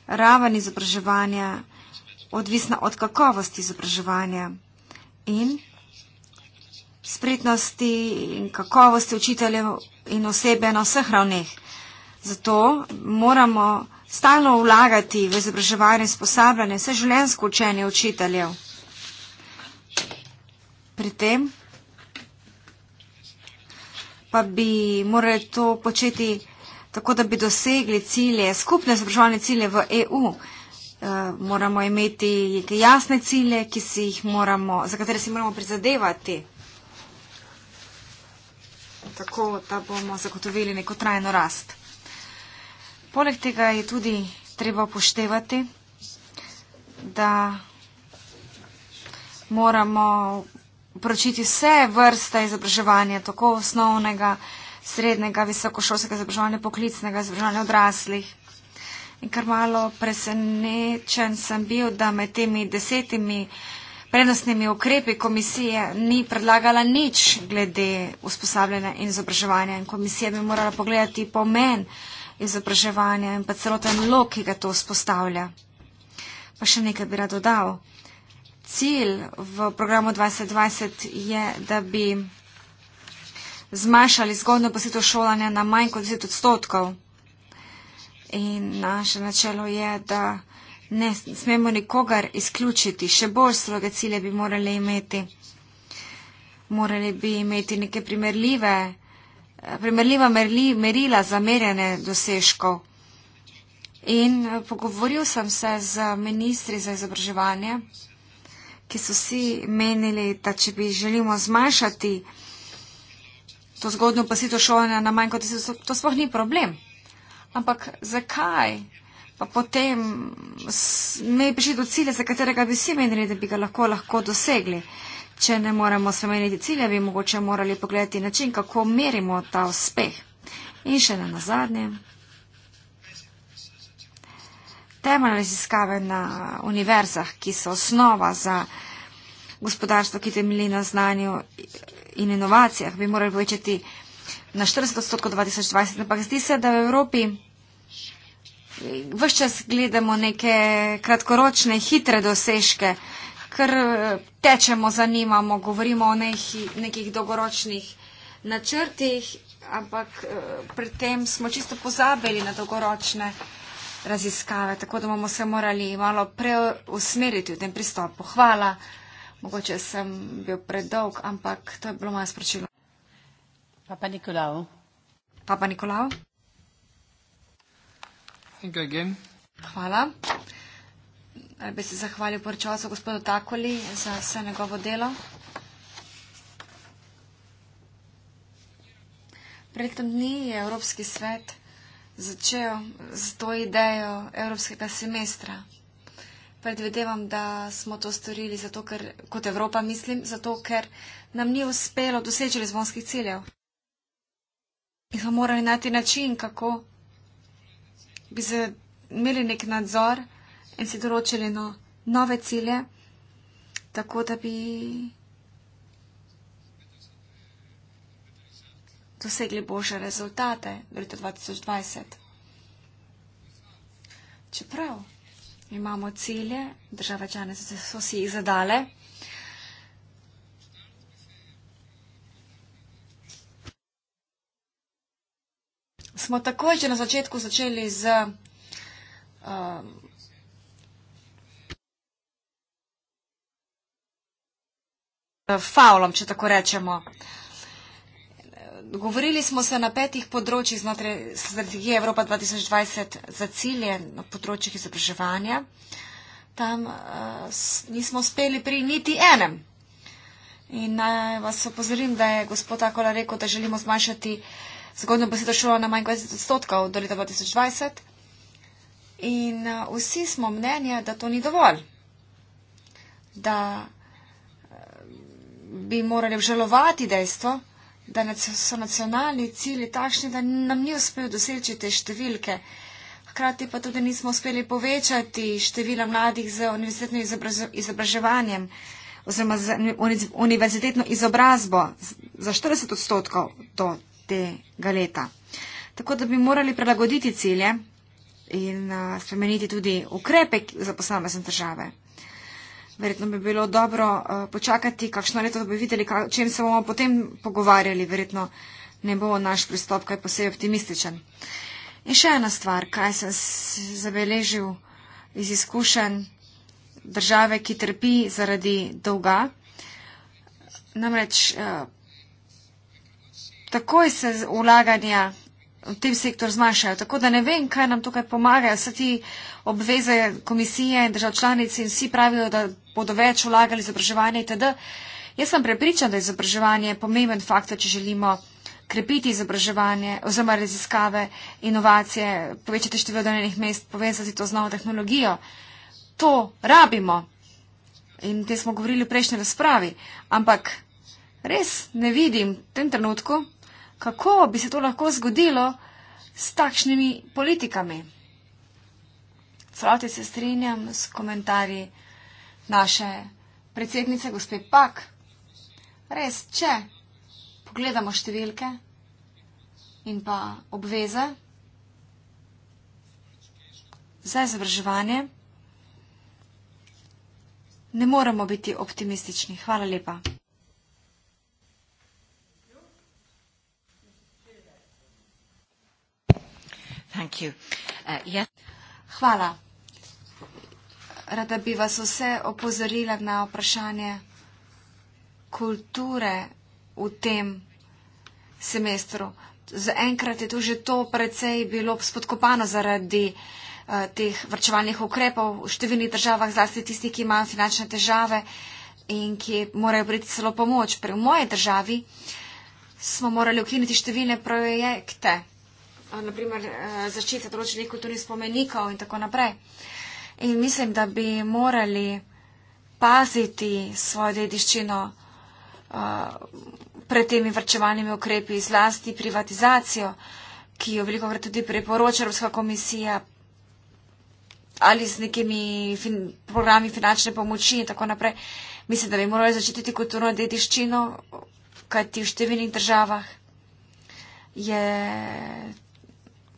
Raven izobraževanja odvisna od kakovosti izobraževanja in spretnosti in kakovosti učiteljev in osebe na vseh ravneh. Zato moramo stalno vlagati v izobraževanje in sposabljanje, vse življensko učenje učiteljev. Pri tem pa bi morali to početi tako, da bi dosegli cilje, skupne izobraževalne cilje v EU. Eh, moramo imeti jasne cilje, ki si jih moramo, za katere si moramo prizadevati tako, da bomo zagotovili neko trajno rast. Poleg tega je tudi treba upoštevati, da moramo pročiti vse vrste izobraževanja, tako osnovnega, srednjega, visokošolskega izobraževanja, poklicnega izobraževanja odraslih. In kar malo presenečen sem bil, da med temi desetimi prednostnimi ukrepi komisije ni predlagala nič glede usposabljanja in izobraževanja in komisija bi morala pogledati pomen izobraževanja in pa celoten lok, ki ga to vzpostavlja. Pa še nekaj bi rad dodal. Cilj v programu 2020 je, da bi zmanjšali zgodno posito šolanja na manj kot 10 odstotkov. In naše načelo je, da ne smemo nikogar izključiti, še bolj sloge cilje bi morali imeti. Morali bi imeti neke primerljive, primerljiva merli, merila za merjene dosežkov. In eh, pogovoril sem se z ministri za izobraževanje, ki so vsi menili, da če bi želimo zmanjšati to zgodno posito šolanja na manj kot 10, to sploh ni problem. Ampak zakaj pa potem ne bi prišli do cilja, za katerega bi vsi menili, da bi ga lahko, lahko dosegli. Če ne moremo spremeniti cilja, bi mogoče morali pogledati način, kako merimo ta uspeh. In še ne na zadnje. Temeljne raziskave na univerzah, ki so osnova za gospodarstvo, ki temelji na znanju in inovacijah, bi morali povečati na 40 odstotkov 2020. Ampak zdi se, da v Evropi vse čas gledamo neke kratkoročne, hitre dosežke, ker eh, tečemo, zanimamo, govorimo o nekih, nekih dolgoročnih načrtih, ampak eh, predtem smo čisto pozabili na dolgoročne raziskave, tako da bomo se morali malo preusmeriti v tem pristopu. Hvala, mogoče sem bil predolg, ampak to je bilo moje sporočilo. Papa Nikolao. Papa Nikolao. Gagin. Hvala. Ali bi se zahvalil poročevalcu gospodu Takoli za vse njegovo delo? Pred tem dni je Evropski svet začel z to idejo Evropskega semestra. Predvedevam, da smo to storili zato, ker, kot Evropa mislim, zato, ker nam ni uspelo doseči lizbonskih ciljev. In smo morali najti način, kako bi imeli nek nadzor in si določili no, nove cilje, tako da bi dosegli boljše rezultate v letu 2020. Čeprav imamo cilje, države članice so si jih zadale. smo takoj že na začetku začeli z um, faulom, če tako rečemo. Govorili smo se na petih področjih znotraj strategije Evropa 2020 za cilje na področjih izobraževanja. Tam uh, nismo speli pri niti enem. In naj vas opozorim, da je gospod Akola rekel, da želimo zmanjšati uh, zgodno besedo šlo na manj kot 20 odstotkov do leta 2020. In eh, vsi smo mnenja, da to ni dovolj, da eh, bi morali obžalovati dejstvo, da so nacionalni cilji takšni, da nam ni uspel doseči te številke. Hkrati pa tudi nismo uspeli povečati števila mladih z univerzitetnim izobraževanjem oziroma z univerzitetno izobrazbo za 40 odstotkov do tega leta. Tako da bi morali prilagoditi cilje in spremeniti tudi ukrepe za posamezne države. Verjetno bi bilo dobro počakati kakšno leto, da bi videli, o čem se bomo potem pogovarjali. Verjetno ne bo naš pristop kaj posebej optimističen. In še ena stvar, kaj sem zabeležil iz izkušenj države, ki trpi zaradi dolga. Namreč takoj se vlaganja v tem sektor zmanjšajo. Tako da ne vem, kaj nam tukaj pomagajo. Vse ti obveze komisije in držav članic in vsi pravijo, da bodo več vlagali v izobraževanje itd. Jaz sem prepričan, da je izobraževanje pomemben faktor, če želimo krepiti izobraževanje oziroma raziskave, inovacije, povečati število delovnih mest, povezati to z novo tehnologijo. To rabimo. In te smo govorili v prejšnji razpravi. Ampak res ne vidim v tem trenutku, kako bi se to lahko zgodilo s takšnimi politikami. Celoti se strinjam s komentarji naše predsednice, gospe Pak. Res, če pogledamo številke in pa obveze za izobraževanje, ne moremo biti optimistični. Hvala lepa. Thank you. Uh, yes. Hvala. Rada bi vas vse opozorila na vprašanje kulture v tem semestru. Zaenkrat je to že to precej bilo spodkopano zaradi uh, teh vrčevalnih ukrepov v številnih državah, zlasti tisti, ki imajo finančne težave in ki morajo priti celo pomoč. Pri moje državi smo morali ukiniti številne projekte. Eh, naprimer, eh, zaščite določenih kulturnih spomenikov in tako naprej. In mislim, da bi morali paziti svojo dediščino uh, pred temi vrčevalnimi ukrepi, zlasti privatizacijo, ki jo veliko krat tudi priporoča Evropska komisija ali z nekimi fin programi finančne pomoči in tako naprej. Mislim, da bi morali začititi kulturno dediščino, kajti v številnih državah je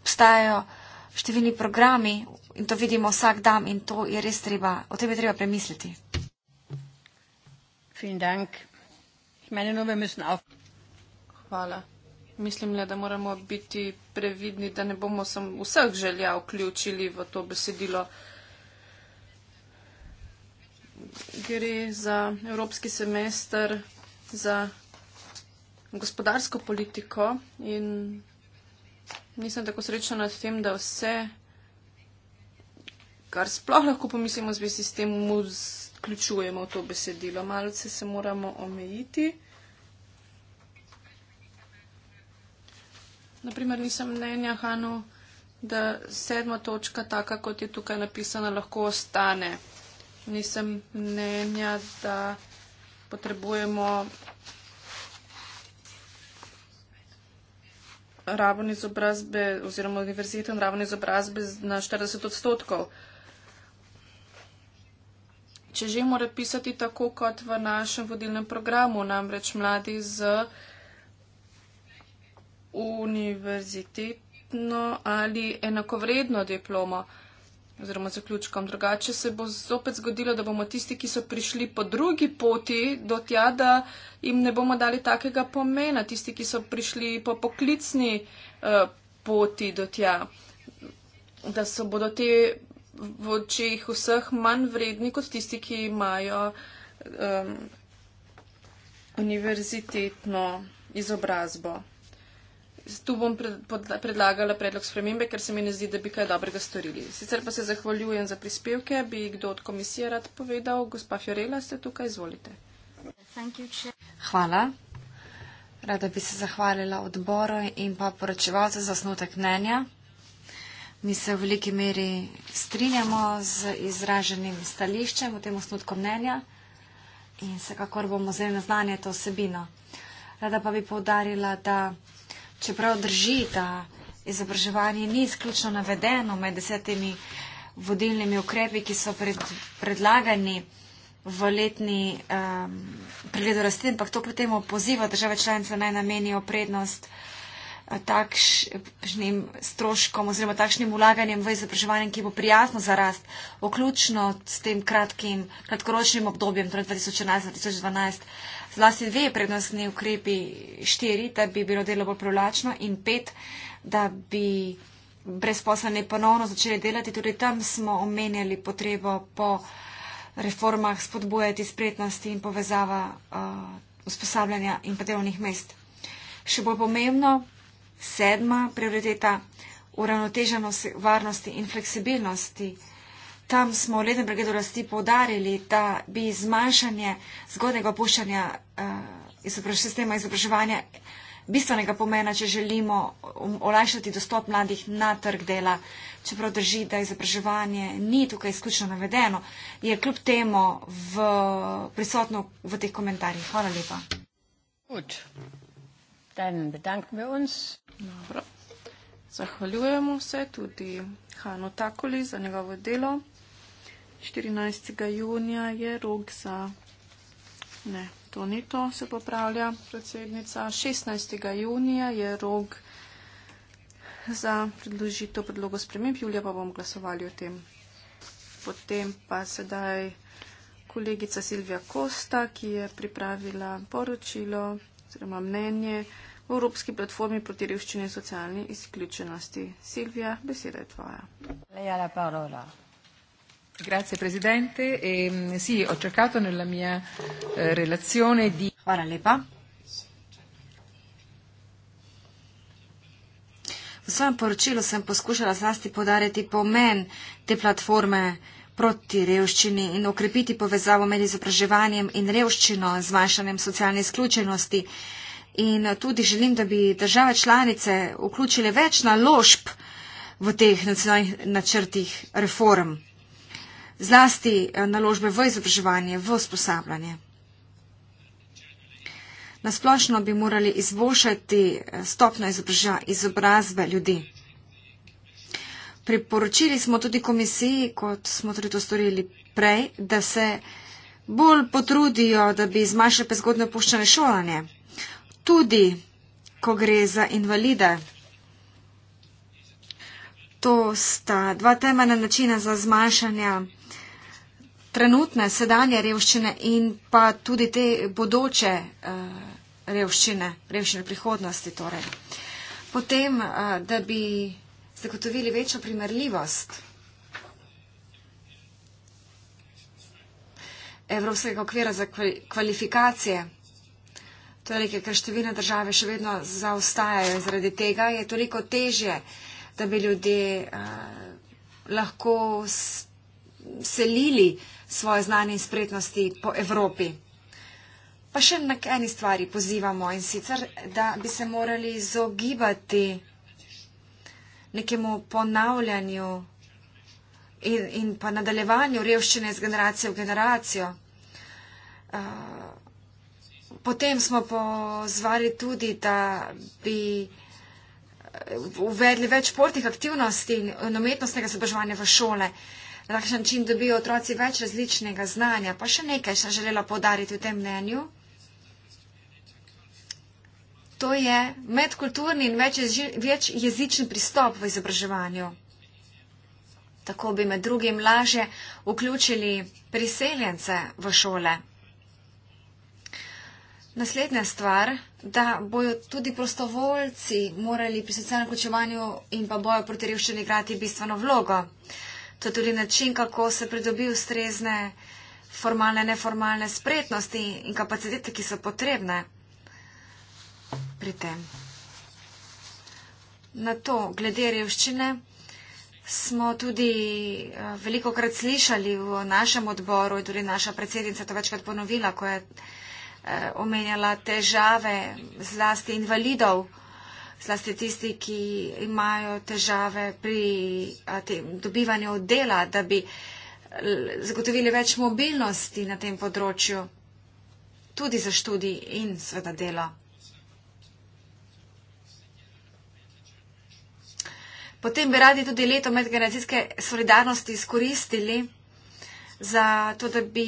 obstajajo številni programi in to vidimo vsak dan in to je res treba, o tem je treba premisliti. Hvala. Mislim le, da moramo biti previdni, da ne bomo sam vseh želja vključili v to besedilo. Gre za evropski semester, za gospodarsko politiko in nisem tako srečna nad tem, da vse, kar sploh lahko pomislimo z vesti, s tem vključujemo v to besedilo. Malce se moramo omejiti. Naprimer, nisem mnenja, Hanu, da sedma točka, taka kot je tukaj napisana, lahko ostane. Nisem mnenja, da potrebujemo raven izobrazbe oziroma univerziten raven izobrazbe na 40 odstotkov. Če že mora pisati tako kot v našem vodilnem programu, namreč mladi z univerzitetno ali enakovredno diplomo oziroma zaključkom. Drugače se bo zopet zgodilo, da bomo tisti, ki so prišli po drugi poti do tja, da jim ne bomo dali takega pomena, tisti, ki so prišli po poklicni uh, poti do tja, da so bodo te v očih vseh manj vredni kot tisti, ki imajo um, univerzitetno izobrazbo tu bom predlagala predlog spremembe, ker se mi ne zdi, da bi kaj dobrega storili. Sicer pa se zahvaljujem za prispevke, bi kdo od komisije rad povedal. Gospa Fiorela, ste tukaj, izvolite. Hvala. Rada bi se zahvalila odboru in pa poročevalce za snotek mnenja. Mi se v veliki meri strinjamo z izraženim stališčem v tem osnutku mnenja in vsekakor bomo zelo na znanje to vsebino. Rada pa bi poudarila, da čeprav drži, da izobraževanje ni izključno navedeno med desetimi vodilnimi ukrepi, ki so pred, predlagani v letni um, pregledu rasti, ampak to potem poziva države članice naj namenijo prednost eh, takšnim stroškom oziroma takšnim ulaganjem v izobraževanje, ki bo prijazno za rast, vključno s tem kratkim, kratkoročnim obdobjem, torej 2011-2012 zlasti dve prednostni ukrepi, štiri, da bi bilo delo bolj privlačno in pet, da bi brezposelni ponovno začeli delati. Tudi tam smo omenjali potrebo po reformah spodbujati spretnosti in povezava uh, usposabljanja in pa delovnih mest. Še bolj pomembno, sedma prioriteta, uravnoteženost varnosti in fleksibilnosti. Uh, Tam smo v letnem pregledu rasti povdarili, da bi zmanjšanje zgodnega opuščanja uh, eh, izobraž sistema izobraževanja bistvenega pomena, če želimo um, olajšati dostop mladih na trg dela. Čeprav drži, da izobraževanje ni tukaj izključno navedeno, je kljub temu v, prisotno v teh komentarjih. Hvala lepa. Gut. Dan bedankme uns. Dobro. Zahvaljujemo se tudi Hanu Takoli za njegovo delo. 14. junija je rok za. Ne, to ni to, se popravlja predsednica. 16. junija je rok za predložitev predloga sprememb, julija pa bomo glasovali o tem. Potem pa sedaj kolegica Silvija Kosta, ki je pripravila poročilo oziroma mnenje v Evropski platformi proti revščini in socialni izključenosti. Silvija, beseda je tvoja. Lejala parola. Grazie Presidente. E, mm, sì, ho cercato nella mia eh, relazione di. Hvala lepa. V svojem poročilu sem poskušala zlasti podariti pomen te platforme proti revščini in okrepiti povezavo med izobraževanjem in revščino, zmanjšanjem socialne izključenosti. In tudi želim, da bi države članice vključile več naložb v teh nacionalnih načrtih reform zlasti eh, naložbe v izobraževanje, v usposabljanje. Nasplošno bi morali izboljšati eh, stopno izobrazbe ljudi. Priporočili smo tudi komisiji, kot smo tudi to storili prej, da se bolj potrudijo, da bi zmanjšali prezgodno opuščanje šolanje. Tudi, ko gre za invalide. To sta dva temeljna načina za zmanjšanje trenutne, sedanje revščine in pa tudi te bodoče eh, revščine, revščine prihodnosti. Torej. Potem, eh, da bi zagotovili večjo primerljivost Evropskega okvira za kvalifikacije, torej, ker številne države še vedno zaostajajo in zaradi tega je toliko težje, da bi ljudje uh, lahko selili uh, svoje znanje in spretnosti po Evropi. Pa še na eni stvari pozivamo in sicer, da bi se morali izogibati nekemu ponavljanju in, in pa nadaljevanju revščine iz generacije v generacijo. Potem smo pozvali tudi, da bi uvedli več športnih aktivnosti in umetnostnega izobraževanja v šole na takšen način dobijo otroci več različnega znanja. Pa še nekaj sem želela podariti v tem mnenju. To je medkulturni in večjezičen več pristop v izobraževanju. Tako bi med drugim laže vključili priseljence v šole. Naslednja stvar, da bojo tudi prostovoljci morali pri socialnem vključevanju in pa bojo proti revščini igrati bistveno vlogo. To je tudi način, kako se pridobi ustrezne formalne, neformalne spretnosti in kapacitete, ki so potrebne pri tem. Na to, glede revščine, smo tudi eh, veliko krat slišali v našem odboru, tudi naša predsednica to večkrat ponovila, ko je eh, omenjala težave zlasti invalidov, zlasti tisti, ki imajo težave pri tem, dobivanju dela, da bi zagotovili več mobilnosti na tem področju, tudi za študij in sveda delo. Potem bi radi tudi leto medgeneracijske solidarnosti izkoristili za to, da bi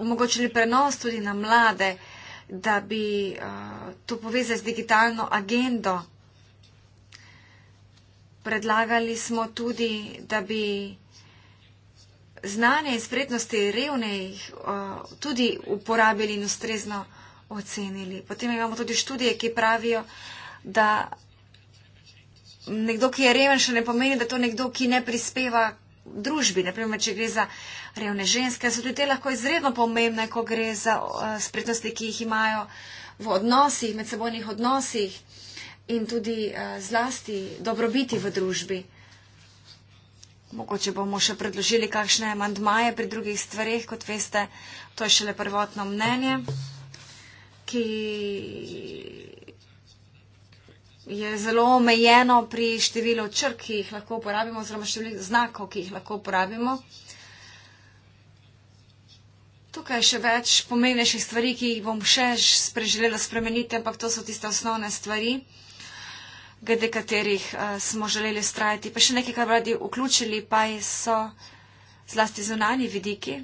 omogočili prenos tudi na mlade, da bi uh, to povezali z digitalno agendo. Predlagali smo tudi, da bi znanje in spretnosti revnejih uh, eh, tudi uporabili in ustrezno ocenili. Potem imamo tudi študije, ki pravijo, da nekdo, ki je reven, še ne pomeni, da to nekdo, ki ne prispeva v družbi, naprimer, če gre za revne ženske, so tudi te lahko izredno pomembne, ko gre za eh, spretnosti, ki jih imajo v odnosih, medsebojnih odnosih in tudi eh, zlasti dobrobiti v družbi. Mogoče bomo še predložili kakšne mandmaje pri drugih stvarih, kot veste, to je šele prvotno mnenje, ki je zelo omejeno pri številu črk, ki jih lahko uporabimo, oziroma številu znakov, ki jih lahko uporabimo. Tukaj je še več pomembnejših stvari, ki jih bom še preželela spremeniti, ampak to so tiste osnovne stvari, glede katerih uh, smo želeli strajati. Pa še nekaj, kar radi vključili, pa so zlasti zunani vidiki.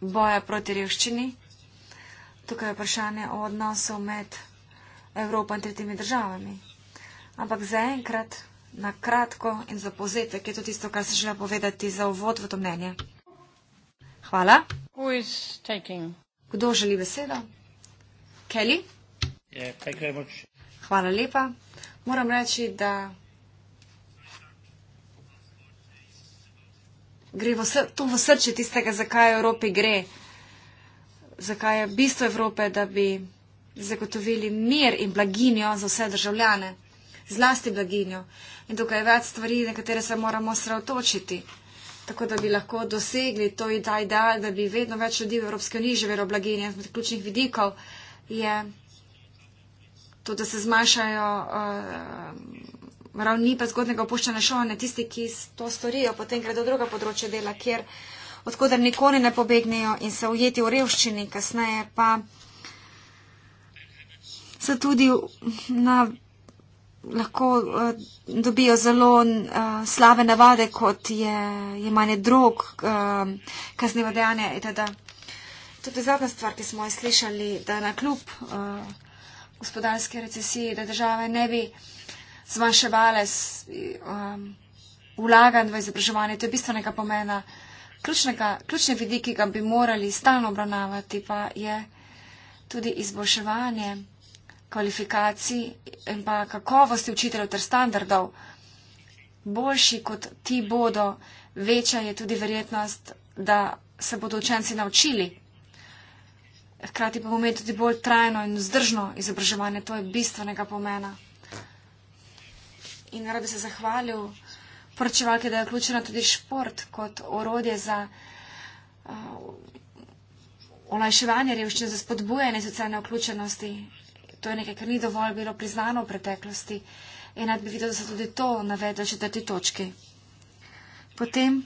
Boja proti revščini tukaj je vprašanje o odnosu med Evropo in tretjimi državami. Ampak zaenkrat, na kratko in za povzetek, je to tisto, kar sem želela povedati za uvod v to mnenje. Hvala. Kdo želi besedo? Kelly? Yeah, Hvala lepa. Moram reči, da gre v to v srce tistega, zakaj Evropi gre zakaj je bistvo Evrope, da bi zagotovili mir in blaginjo za vse državljane, zlasti blaginjo. In tukaj je več stvari, na katere se moramo sreotočiti, tako da bi lahko dosegli to ideal, da bi vedno več ljudi v Evropski uniji živelo blaginje. Od ključnih vidikov je to, da se zmanjšajo uh, ravni prezgodnega opuščanja šolanja. Tisti, ki to storijo, potem gredo druga področja dela, kjer odkuder nikoli ne pobegnejo in so ujeti v revščini, kasneje pa so tudi na, lahko eh, dobijo zelo eh, slabe navade, kot je jemanje drog, eh, kaznivo dejanje itd. Tudi zadnja stvar, ki smo jo slišali, da na kljub gospodarske recesije, da države ne bi zmanjševale um, vlaganj v izobraževanje, to je bistvenega pomena. Uh, ključnega, ključni vidik, ki ga bi morali stalno obravnavati, pa je tudi izboljševanje kvalifikacij in pa kakovosti učiteljev ter standardov. Boljši kot ti bodo, večja je tudi verjetnost, da se bodo učenci naučili. Hkrati pa bomo imeli tudi bolj trajno in vzdržno izobraževanje. To je bistvenega pomena. In rad bi se zahvalil poročevalke, da je vključena tudi šport kot orodje za uh, olajševanje revščine, za spodbujanje socialne vključenosti. To je nekaj, kar ni dovolj bilo priznano v preteklosti. Enak bi videl, da so tudi to navedli v četrti točki. Potem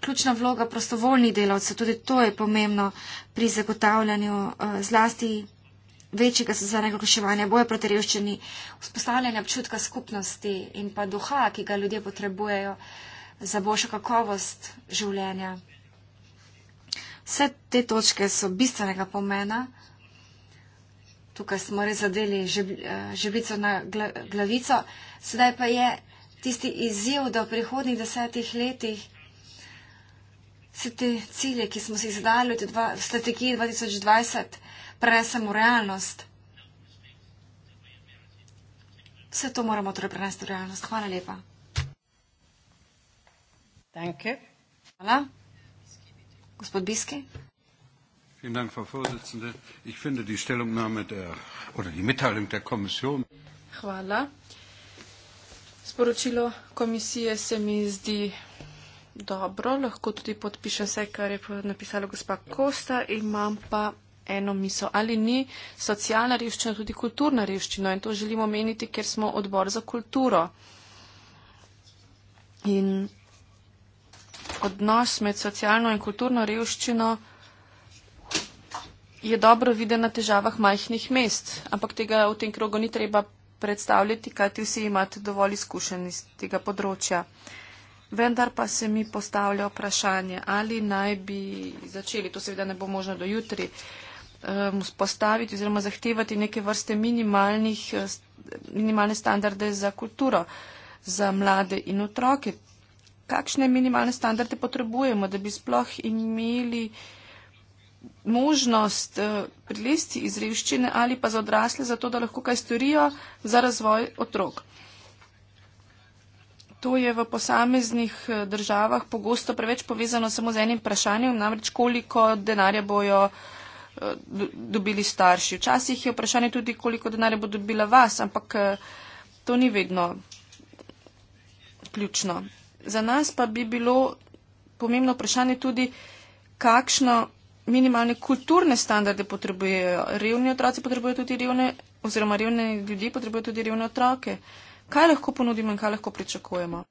ključna vloga prostovoljnih delavcev, tudi to je pomembno pri zagotavljanju uh, zlasti večjega socialnega vključevanja, boja proti revščini, vzpostavljanja občutka skupnosti in pa duha, ki ga ljudje potrebujejo za boljšo kakovost življenja. Vse te točke so bistvenega pomena. Tukaj smo res zadeli žebico eh, na glavico. Sedaj pa je tisti izziv, da v prihodnih desetih letih vse te cilje, ki smo si jih zadali v strategiji 2020, prenesem v realnost. Vse to moramo torej prenesti v realnost. Hvala lepa. Danke. Hvala. Gospod Biski. Vielen Dank, Frau Vorsitzende. Ich finde die Stellungnahme der, oder die Mitteilung der Kommission. Hvala. Sporočilo komisije se mi zdi dobro. Lahko tudi podpišem vse, kar je napisala gospa Kosta. Imam pa eno misel, ali ni socialna revščina tudi kulturna revščina in to želimo meniti, ker smo odbor za kulturo. In odnos med socialno in kulturno revščino je dobro viden na težavah majhnih mest, ampak tega v tem krogu ni treba predstavljati, kajti vsi imate dovolj izkušenj iz tega področja. Vendar pa se mi postavlja vprašanje, ali naj bi začeli, to seveda ne bo možno do jutri, uh, Um, vzpostaviti oziroma zahtevati neke vrste minimalnih, eh, minimalne standarde za kulturo, za mlade in otroke. Kakšne minimalne standarde potrebujemo, da bi sploh imeli možnost eh, prilesti iz revščine ali pa za odrasle, zato da lahko kaj storijo za razvoj otrok. To je v posameznih eh, državah pogosto preveč povezano samo z enim vprašanjem, namreč koliko denarja bojo dobili starši. Včasih je vprašanje tudi, koliko denarja bo dobila vas, ampak eh, to ni vedno ključno. Za nas pa bi bilo pomembno vprašanje tudi, kakšno minimalne kulturne standarde potrebujejo. Revni otroci potrebujejo tudi revne, oziroma revne ljudi potrebujejo tudi revne otroke. Kaj lahko ponudimo in kaj lahko pričakujemo?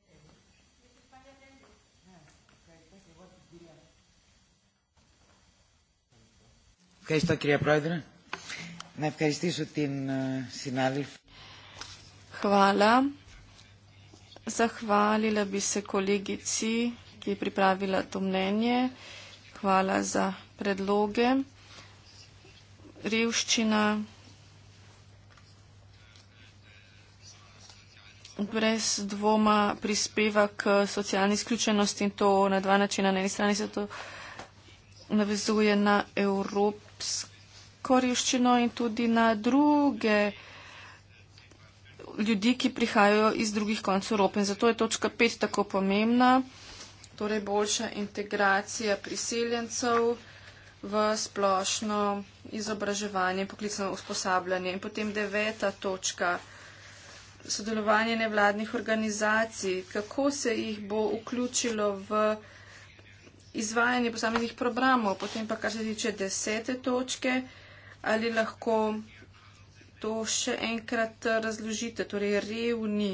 Ευχαριστώ κυρία Πρόεδρε. Να ευχαριστήσω την uh, συνάδελφη. Χβάλα. Ζαχβάλιλα μπι σε κολίγητσι και πριπράβιλα το μνένιε. Χβάλα ζα предлоге. Риушчина brez dvoma prispeva k socialni izključenosti in to na dva načina. Na eni strani se to navezuje na Evropo skoriščino in tudi na druge ljudi, ki prihajajo iz drugih koncev Evrope. In zato je točka 5 tako pomembna, torej boljša integracija priseljencev v splošno izobraževanje in poklicno usposabljanje. In potem deveta točka, sodelovanje nevladnih organizacij, kako se jih bo vključilo v izvajanje posameznih programov. Potem pa, kar se tiče desete točke, ali lahko to še enkrat razložite, torej revni.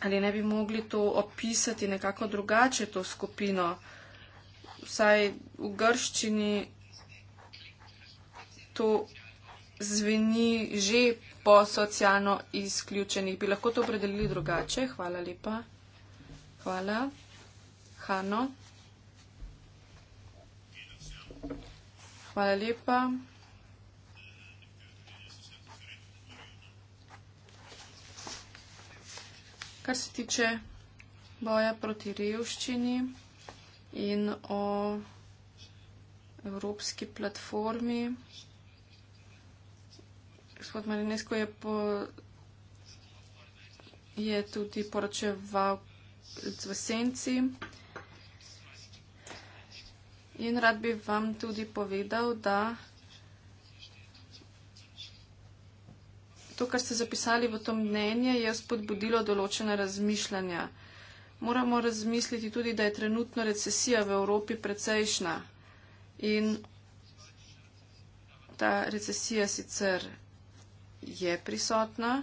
Ali ne bi mogli to opisati nekako drugače, to skupino, vsaj v grščini to zveni že po socialno izključenih. Bi lahko to opredelili drugače? Hvala lepa. Hvala. Hano. Hvala lepa. Kar se tiče boja proti revščini in o evropski platformi, gospod Marinesko je, po, je tudi poročeval, v senci. In rad bi vam tudi povedal, da to, kar ste zapisali v to mnenje, je spodbudilo določene razmišljanja. Moramo razmisliti tudi, da je trenutno recesija v Evropi precejšna. In ta recesija sicer je prisotna,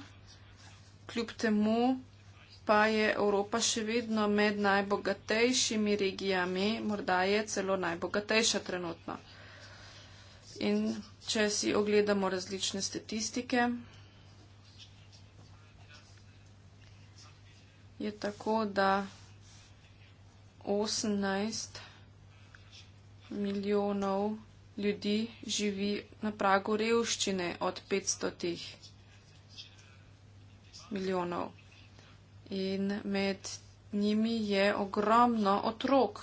kljub temu pa je Evropa še vedno med najbogatejšimi regijami, morda je celo najbogatejša trenutno. In če si ogledamo različne statistike, je tako, da 18 milijonov ljudi živi na pragu revščine od 500 milijonov in med njimi je ogromno otrok.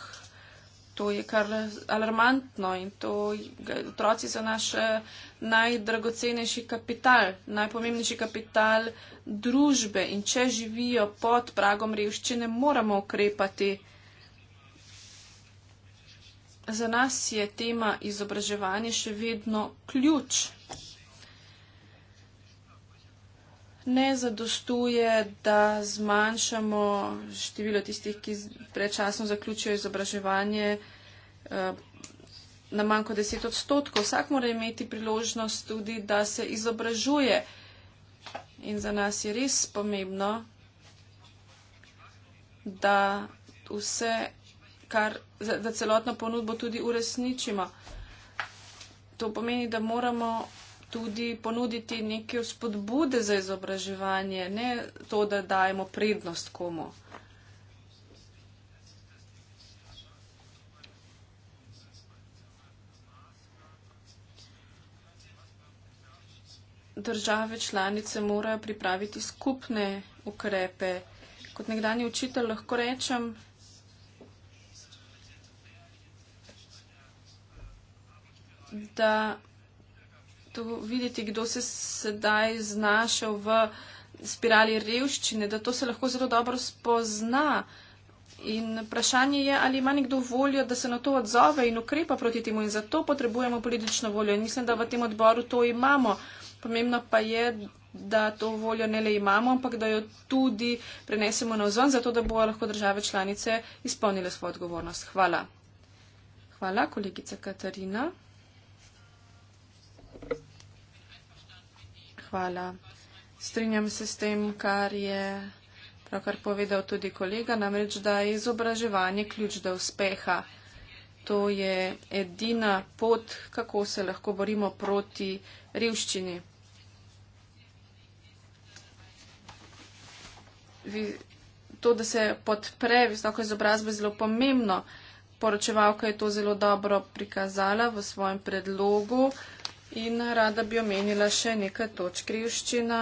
To je kar alarmantno in to otroci so naš eh, najdragocenejši kapital, najpomembnejši kapital družbe in če živijo pod pragom revščine, moramo ukrepati. Za nas je tema izobraževanje še vedno ključ ne zadostuje, da zmanjšamo število tistih, ki prečasno zaključijo izobraževanje eh, na manj kot 10 odstotkov. Vsak mora imeti priložnost tudi, da se izobražuje. In za nas je res pomembno, da vse, kar za celotno ponudbo tudi uresničimo. To pomeni, da moramo tudi ponuditi neke vzpodbude za izobraževanje, ne to, da dajemo prednost komu. Države članice morajo pripraviti skupne ukrepe. Kot nekdani učitelj lahko rečem, da to videti, kdo se sedaj znašel v spirali revščine, da to se lahko zelo dobro spozna. In vprašanje je, ali ima nekdo voljo, da se na to odzove in ukrepa proti temu in zato potrebujemo politično voljo. In mislim, da v tem odboru to imamo. Pomembno pa je, da to voljo ne le imamo, ampak da jo tudi prenesemo na vzven, zato da bo lahko države članice izpolnile svojo odgovornost. Hvala. Hvala, kolegica Katarina. hvala. Strinjam se s tem, kar je pravkar povedal tudi kolega, namreč, da je izobraževanje ključ do uspeha. To je edina pot, kako se lahko borimo proti revščini. To, da se podpre visoko izobrazbo, je zelo pomembno. Poročevalka je to zelo dobro prikazala v svojem predlogu. In rada bi omenila še nekaj točk. Krivščina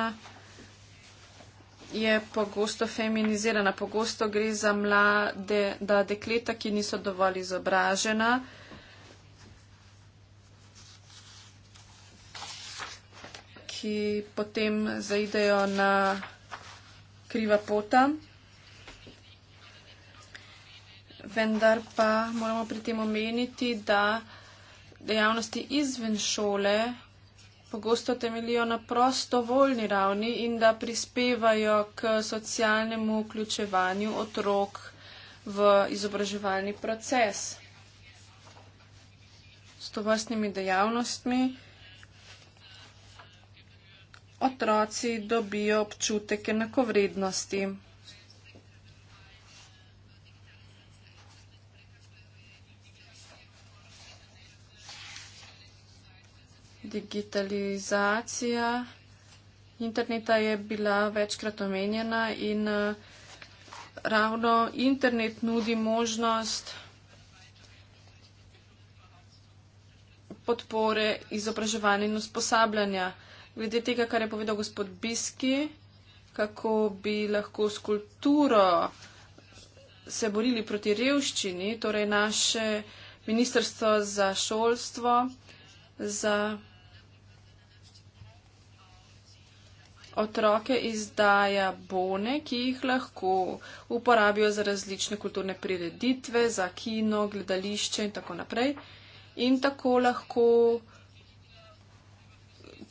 je pogosto feminizirana. Pogosto gre za mlade, da dekleta, ki niso dovolj izobražena. ki potem zaidejo na kriva pota. Vendar pa moramo pri tem omeniti, da dejavnosti izven šole pogosto temelijo na prostovoljni ravni in da prispevajo k socialnemu vključevanju otrok v izobraževalni proces. S tovrstnimi dejavnostmi otroci dobijo občutek enakovrednosti. digitalizacija interneta je bila večkrat omenjena in eh, ravno internet nudi možnost podpore izobraževanja in usposabljanja. Glede tega, kar je povedal gospod Biski, kako bi lahko s kulturo se borili proti revščini, torej naše ministrstvo za šolstvo, za otroke izdaja bone, ki jih lahko uporabijo za različne kulturne prireditve, za kino, gledališče in tako naprej. In tako lahko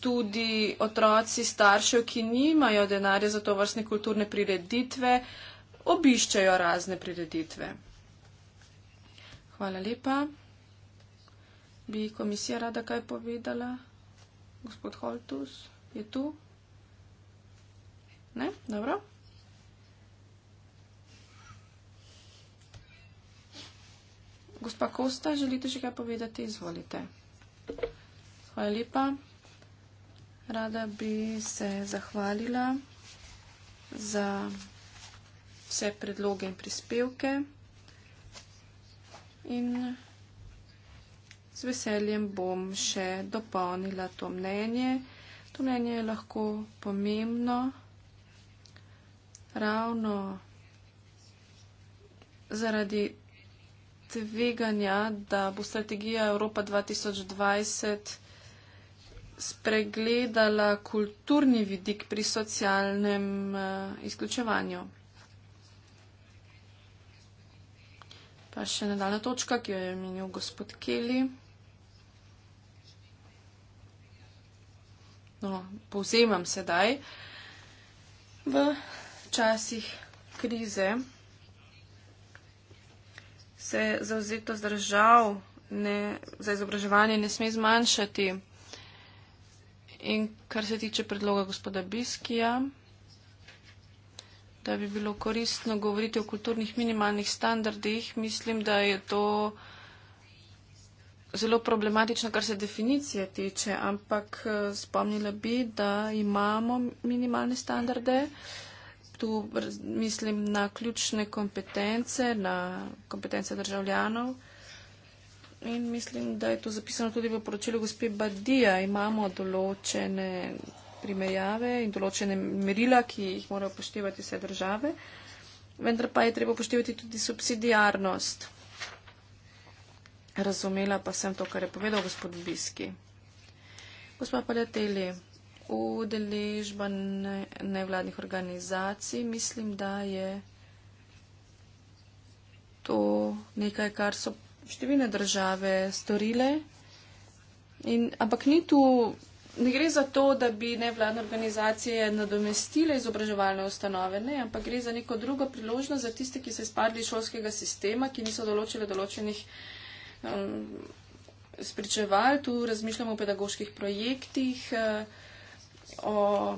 tudi otroci staršev, ki nimajo denarja za to vrstne kulturne prireditve, obiščajo razne prireditve. Hvala lepa. Bi komisija rada kaj povedala? Gospod Holtus je tu. Ne? Dobro. Gospa Kosta, želite še kaj povedati? Izvolite. Hvala lepa. Rada bi se zahvalila za vse predloge in prispevke. In z veseljem bom še dopolnila to mnenje. To mnenje je lahko pomembno ravno zaradi tveganja, da bo strategija Evropa 2020 spregledala kulturni vidik pri socialnem eh, izključevanju. Pa še nadaljna točka, ki jo je menil gospod Keli. No, povzemam sedaj v časih krize se zauzeto zdržav ne, za izobraževanje ne sme zmanjšati. In kar se tiče predloga gospoda Biskija, da bi bilo koristno govoriti o kulturnih minimalnih standardih, mislim, da je to zelo problematično, kar se definicije tiče, ampak eh, spomnila bi, da imamo minimalne standarde. Uh, tu mislim na ključne kompetence, na kompetence državljanov. In mislim, da je to zapisano tudi v poročilu gospe Badija. Imamo določene primerjave in določene merila, ki jih morajo upoštevati vse države. Vendar pa je treba upoštevati tudi subsidijarnost. Razumela pa sem to, kar je povedal gospod Biski. Gospa Paljateli udeležba ne, nevladnih organizacij, mislim, da je to nekaj, kar so številne države storile. In, ampak ni tu, ne gre za to, da bi nevladne organizacije nadomestile izobraževalne ustanove, ne, ampak gre za neko drugo priložnost za tiste, ki so izpadli iz šolskega sistema, ki niso določile določenih. Um, Spričeval, tu razmišljamo o pedagoških projektih, eh, o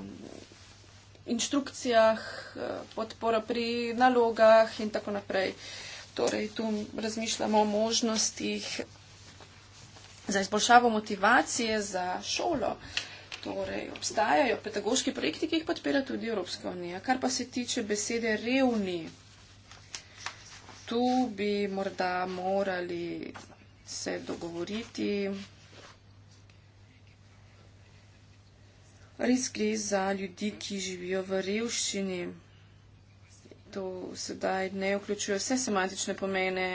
inštrukcijah, eh, podpora pri nalogah in tako naprej. Torej, tu razmišljamo o možnostih za izboljšavo motivacije za šolo. Torej, obstajajo pedagoški projekti, ki jih podpira tudi Evropska unija. Kar pa se tiče besede revni, tu bi morda morali se dogovoriti res gre za ljudi, ki živijo v revščini. To sedaj ne vključuje vse semantične pomene.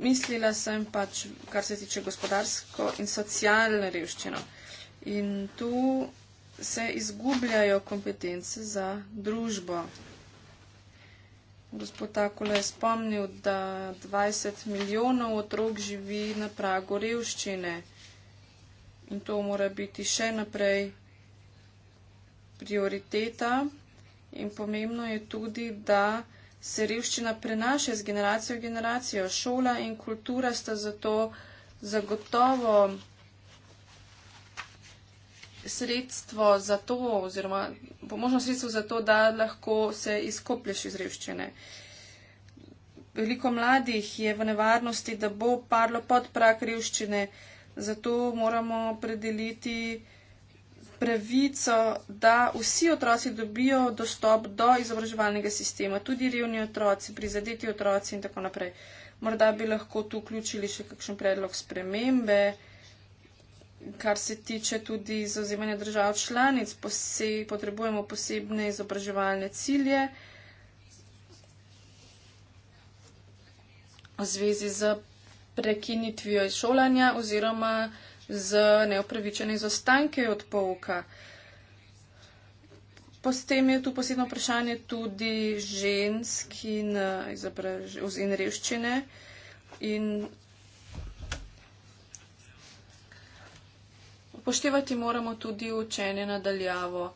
Mislila sem pač, kar se tiče gospodarsko in socialno revščino. In tu se izgubljajo kompetence za družbo. Gospod Takole je spomnil, da 20 milijonov otrok živi na pragu revščine in to mora biti še naprej prioriteta. In pomembno je tudi, da se revščina prenaša z generacijo v generacijo. Šola in kultura sta zato zagotovo sredstvo za to, oziroma pomožno sredstvo za to, da lahko se izkoplješ iz revščine. Veliko mladih je v nevarnosti, da bo parlo pod prak revščine, Zato moramo predeliti pravico, da vsi otroci dobijo dostop do izobraževalnega sistema, tudi revni otroci, prizadeti otroci in tako naprej. Morda bi lahko tu vključili še kakšen predlog spremembe, kar se tiče tudi zauzemanja držav članic, posej potrebujemo posebne izobraževalne cilje v zvezi z prekinitvijo izšolanja oziroma z neopravičenim zastankem od pouka. Potem je tu posebno vprašanje tudi žensk in, eh, izobraž, in revščine. In upoštevati moramo tudi učenje nadaljavo.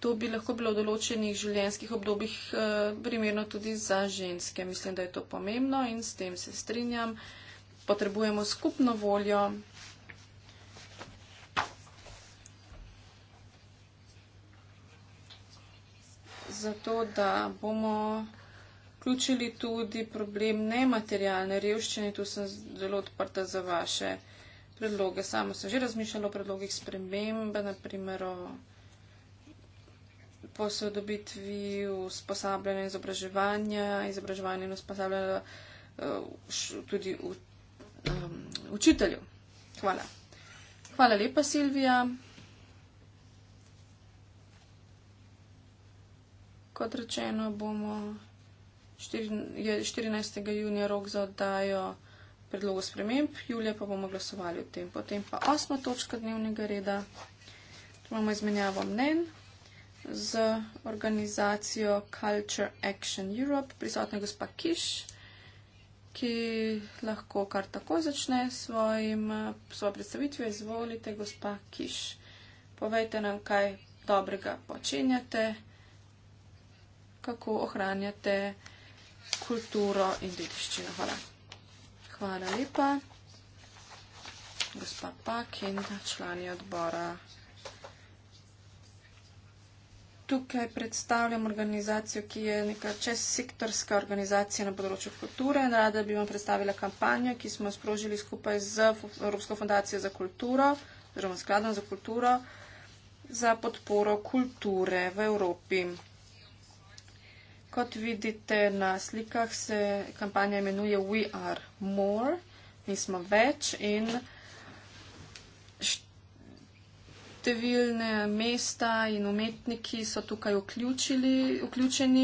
To bi lahko bilo v določenih življenjskih obdobjih eh, primerno tudi za ženske. Mislim, da je to pomembno in s tem se strinjam. Uh, potrebujemo skupno voljo. Zato, da bomo vključili tudi problem nematerialne revščine, tu sem zelo odprta za vaše predloge. Samo sem že razmišljala o predlogih spremembe, naprimer o posodobitvi usposabljanja in izobraževanja, izobraževanja in usposabljanja eh, tudi um, učitelju. Hvala. Hvala lepa, Silvija. Kot rečeno, bomo 14. junija rok za oddajo predlogo sprememb, julija pa bomo glasovali o tem. Potem pa osma točka dnevnega reda. Tu imamo izmenjavo mnen z organizacijo Culture Action Europe, prisotna gospa Kiš ki lahko kar tako začne svojim, svojo predstavitvijo. Izvolite, gospa Kiš, povejte nam, kaj dobrega počenjate, kako ohranjate kulturo in dediščino. Hvala. Hvala lepa, gospa Pak in člani odbora tukaj predstavljam organizacijo, ki je neka čezsektorska organizacija na področju kulture. Rada bi vam predstavila kampanjo, ki smo sprožili skupaj z Evropsko fundacijo za kulturo, oziroma skladom za kulturo, za podporo kulture v Evropi. Kot vidite na slikah, se kampanja imenuje We Are More, mi smo več in. številne mesta in umetniki so tukaj vključili, vključeni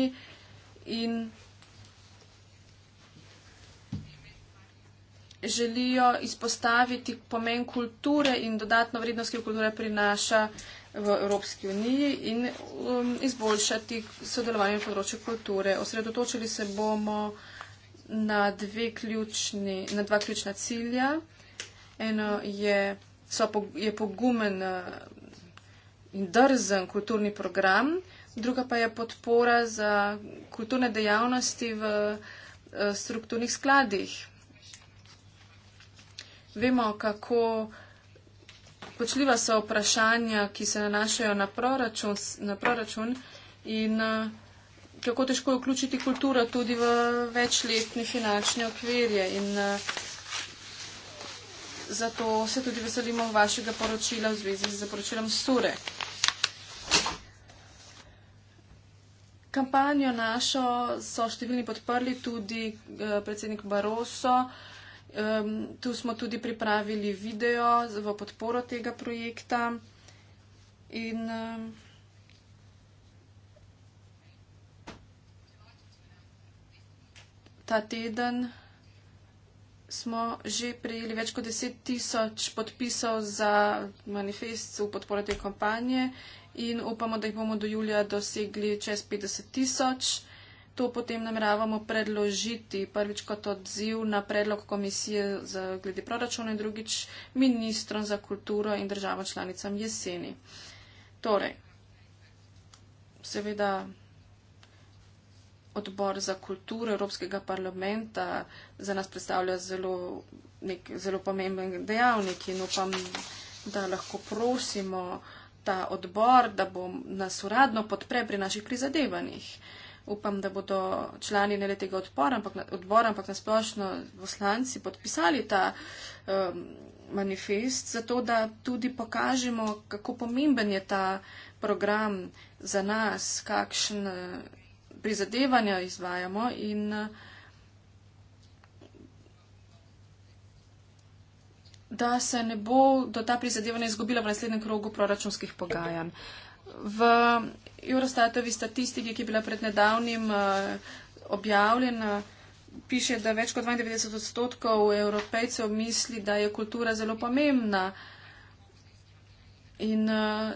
in želijo izpostaviti pomen kulture in dodatno vrednost, ki jo kultura prinaša v Evropski uniji in um, izboljšati sodelovanje v področju kulture. Osredotočili se bomo na, dve ključni, na dva ključna cilja. Eno je so, je pogumen eh, in drzen kulturni program, druga pa je podpora za kulturne dejavnosti v eh, strukturnih skladih. Vemo, kako počljiva so vprašanja, ki se nanašajo na proračun, na proračun in eh, kako težko je vključiti kulturo tudi v večletne finančne okvirje. In, uh, zato se tudi veselimo vašega poročila v zvezi z poročilom Sure. Kampanjo našo so številni podprli, tudi eh, predsednik Baroso. Tu smo tudi pripravili video v podporo tega projekta. In ta teden smo že prejeli več kot 10 tisoč podpisov za manifest v podporo te kampanje in upamo, da jih bomo do julija dosegli čez 50 tisoč. To potem nameravamo predložiti prvič kot odziv na predlog komisije za glede proračuna in drugič ministrom za kulturo in državo članicam jeseni. Torej, seveda odbor za kulturo Evropskega parlamenta za nas predstavlja zelo, nek, zelo pomemben dejavnik in upam, da lahko prosimo ta odbor, da bo nas uradno podpre pri naših prizadevanjih. Upam, da bodo člani ne le tega odbora, ampak, odbor, ampak nasplošno poslanci podpisali ta um, manifest, zato da tudi pokažemo, kako pomemben je ta program za nas, kakšen prizadevanja izvajamo in da se ne bo do ta prizadevanja izgubila v naslednjem krogu proračunskih pogajanj. V Eurostatovi statistiki, ki je bila pred nedavnim eh, objavljena, piše, da več kot 92 odstotkov evropejcev misli, da je kultura zelo pomembna. In uh,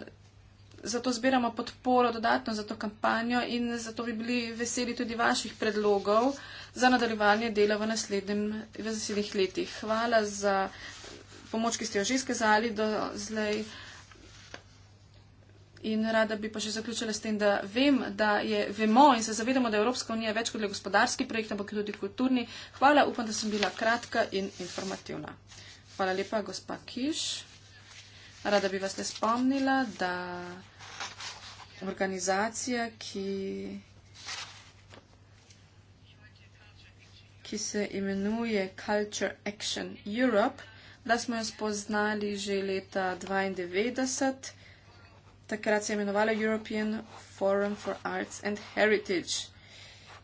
zato zbiramo podporo dodatno za to kampanjo in zato bi bili veseli tudi vaših predlogov za nadaljevanje dela v naslednjem, v naslednjih letih. Hvala za pomoč, ki ste jo že izkazali do zdaj. In rada bi pa še zaključila s tem, da vem, da je, vemo in se zavedamo, da je Evropska unija več kot le gospodarski projekt, ampak tudi kulturni. Hvala, upam, da sem bila kratka in informativna. Hvala lepa, gospa Kiš. Rada bi vas le spomnila, da organizacija, ki, ki se imenuje Culture Action Europe, da smo jo spoznali že leta 1992. Takrat se je imenovala European Forum for Arts and Heritage.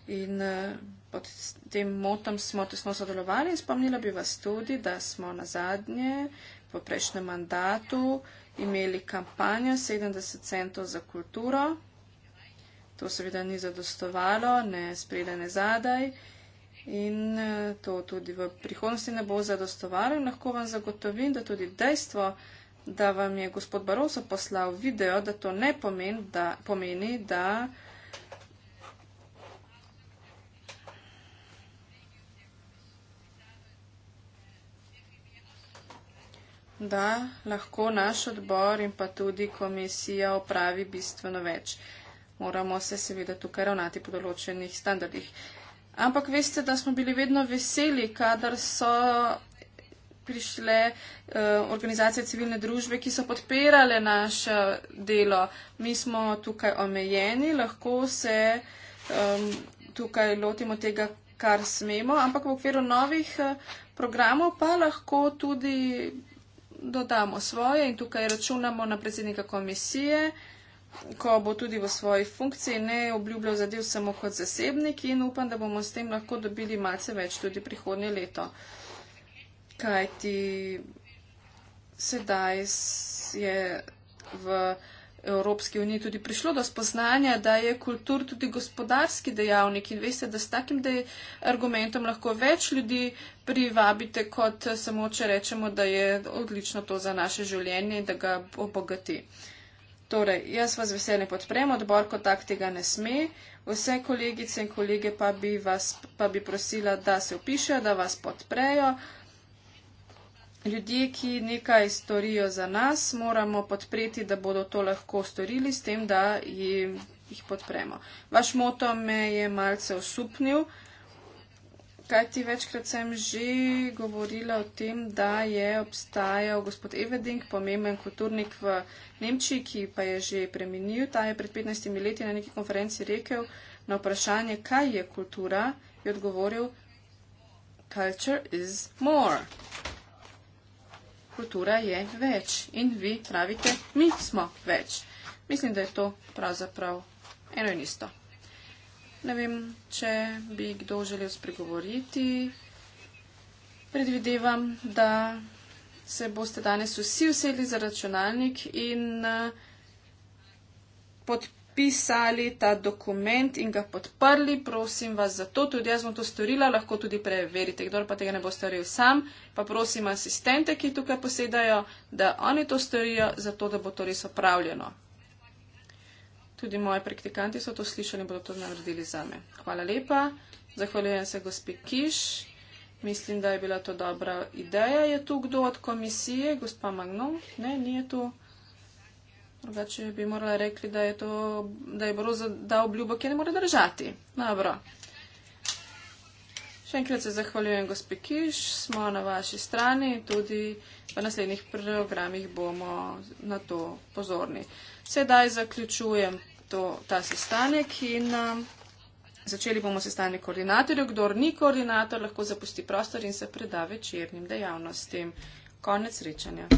In uh, pod tem motom smo tesno sodelovali in spomnila bi vas tudi, da smo na zadnje, po prejšnjem mandatu, uh, imeli kampanjo 70 centov za kulturo. To seveda ni zadostovalo, ne spredaj, ne zadaj. In e, to tudi v prihodnosti ne bo zadostovalo. Lahko vam zagotovim, da tudi dejstvo, da vam je gospod Barroso poslal video, da to ne pomeni, da. Pomeni, da da lahko naš odbor in pa tudi komisija opravi bistveno več. Moramo se seveda tukaj ravnati po določenih standardih. Ampak veste, da smo bili vedno veseli, kadar so prišle eh, organizacije civilne družbe, ki so podpirale naše delo. Mi smo tukaj omejeni, lahko se um, tukaj lotimo tega, kar smemo, ampak v okviru novih eh, programov pa lahko tudi dodamo svoje in tukaj računamo na predsednika komisije, ko bo tudi v svoji funkciji ne obljubljal zadev samo kot zasebnik in upam, da bomo s tem lahko dobili malce več tudi prihodnje leto. Kaj ti sedaj je v. Evropski uniji tudi prišlo do spoznanja, da je kultur tudi gospodarski dejavnik in veste, da s takim argumentom lahko več ljudi privabite, kot samo če rečemo, da je odlično to za naše življenje in da ga obogati. Torej, jaz vas veselje podprem, odbor kot tak tega ne sme. Vse kolegice in kolege pa bi, vas, pa bi prosila, da se upišejo, da vas podprejo ljudje, ki nekaj storijo za nas, moramo podpreti, da bodo to lahko storili s tem, da jim, jih podpremo. Vaš moto me je malce osupnil, kaj ti večkrat sem že govorila o tem, da je obstajal gospod Eveding, pomemben kulturnik v Nemčiji, ki pa je že preminil. Ta je pred 15 leti na neki konferenci rekel na vprašanje, kaj je kultura, je odgovoril. Culture is more kultura je več in vi pravite, mi smo več. Mislim, da je to pravzaprav eno in isto. Ne vem, če bi kdo želel spregovoriti. Predvidevam, da se boste danes vsi usedli za računalnik in eh, pod podpisali ta dokument in ga podprli, prosim vas za to, tudi jaz bom to storila, lahko tudi preverite, kdo pa tega ne bo storil sam, pa prosim asistente, ki tukaj posedajo, da oni to storijo, zato da bo to res opravljeno. Tudi moji praktikanti so to slišali in bodo to naredili za me. Hvala lepa, zahvaljujem se gospi Kiš, mislim, da je bila to dobra ideja. Je tu kdo od komisije, gospa Magnon? Ne, ni tu drugače bi morala rekli, da je, to, da je Broza dal obljubo, ki ne more držati. Dobro. Še enkrat se zahvaljujem, gospe Kiš, smo na vaši strani, tudi v naslednjih programih bomo na to pozorni. Sedaj zaključujem to, ta sestanek in um, začeli bomo sestanek koordinatorjev. Kdor ni koordinator, lahko zapusti prostor in se preda večernim dejavnostim. Konec srečanja.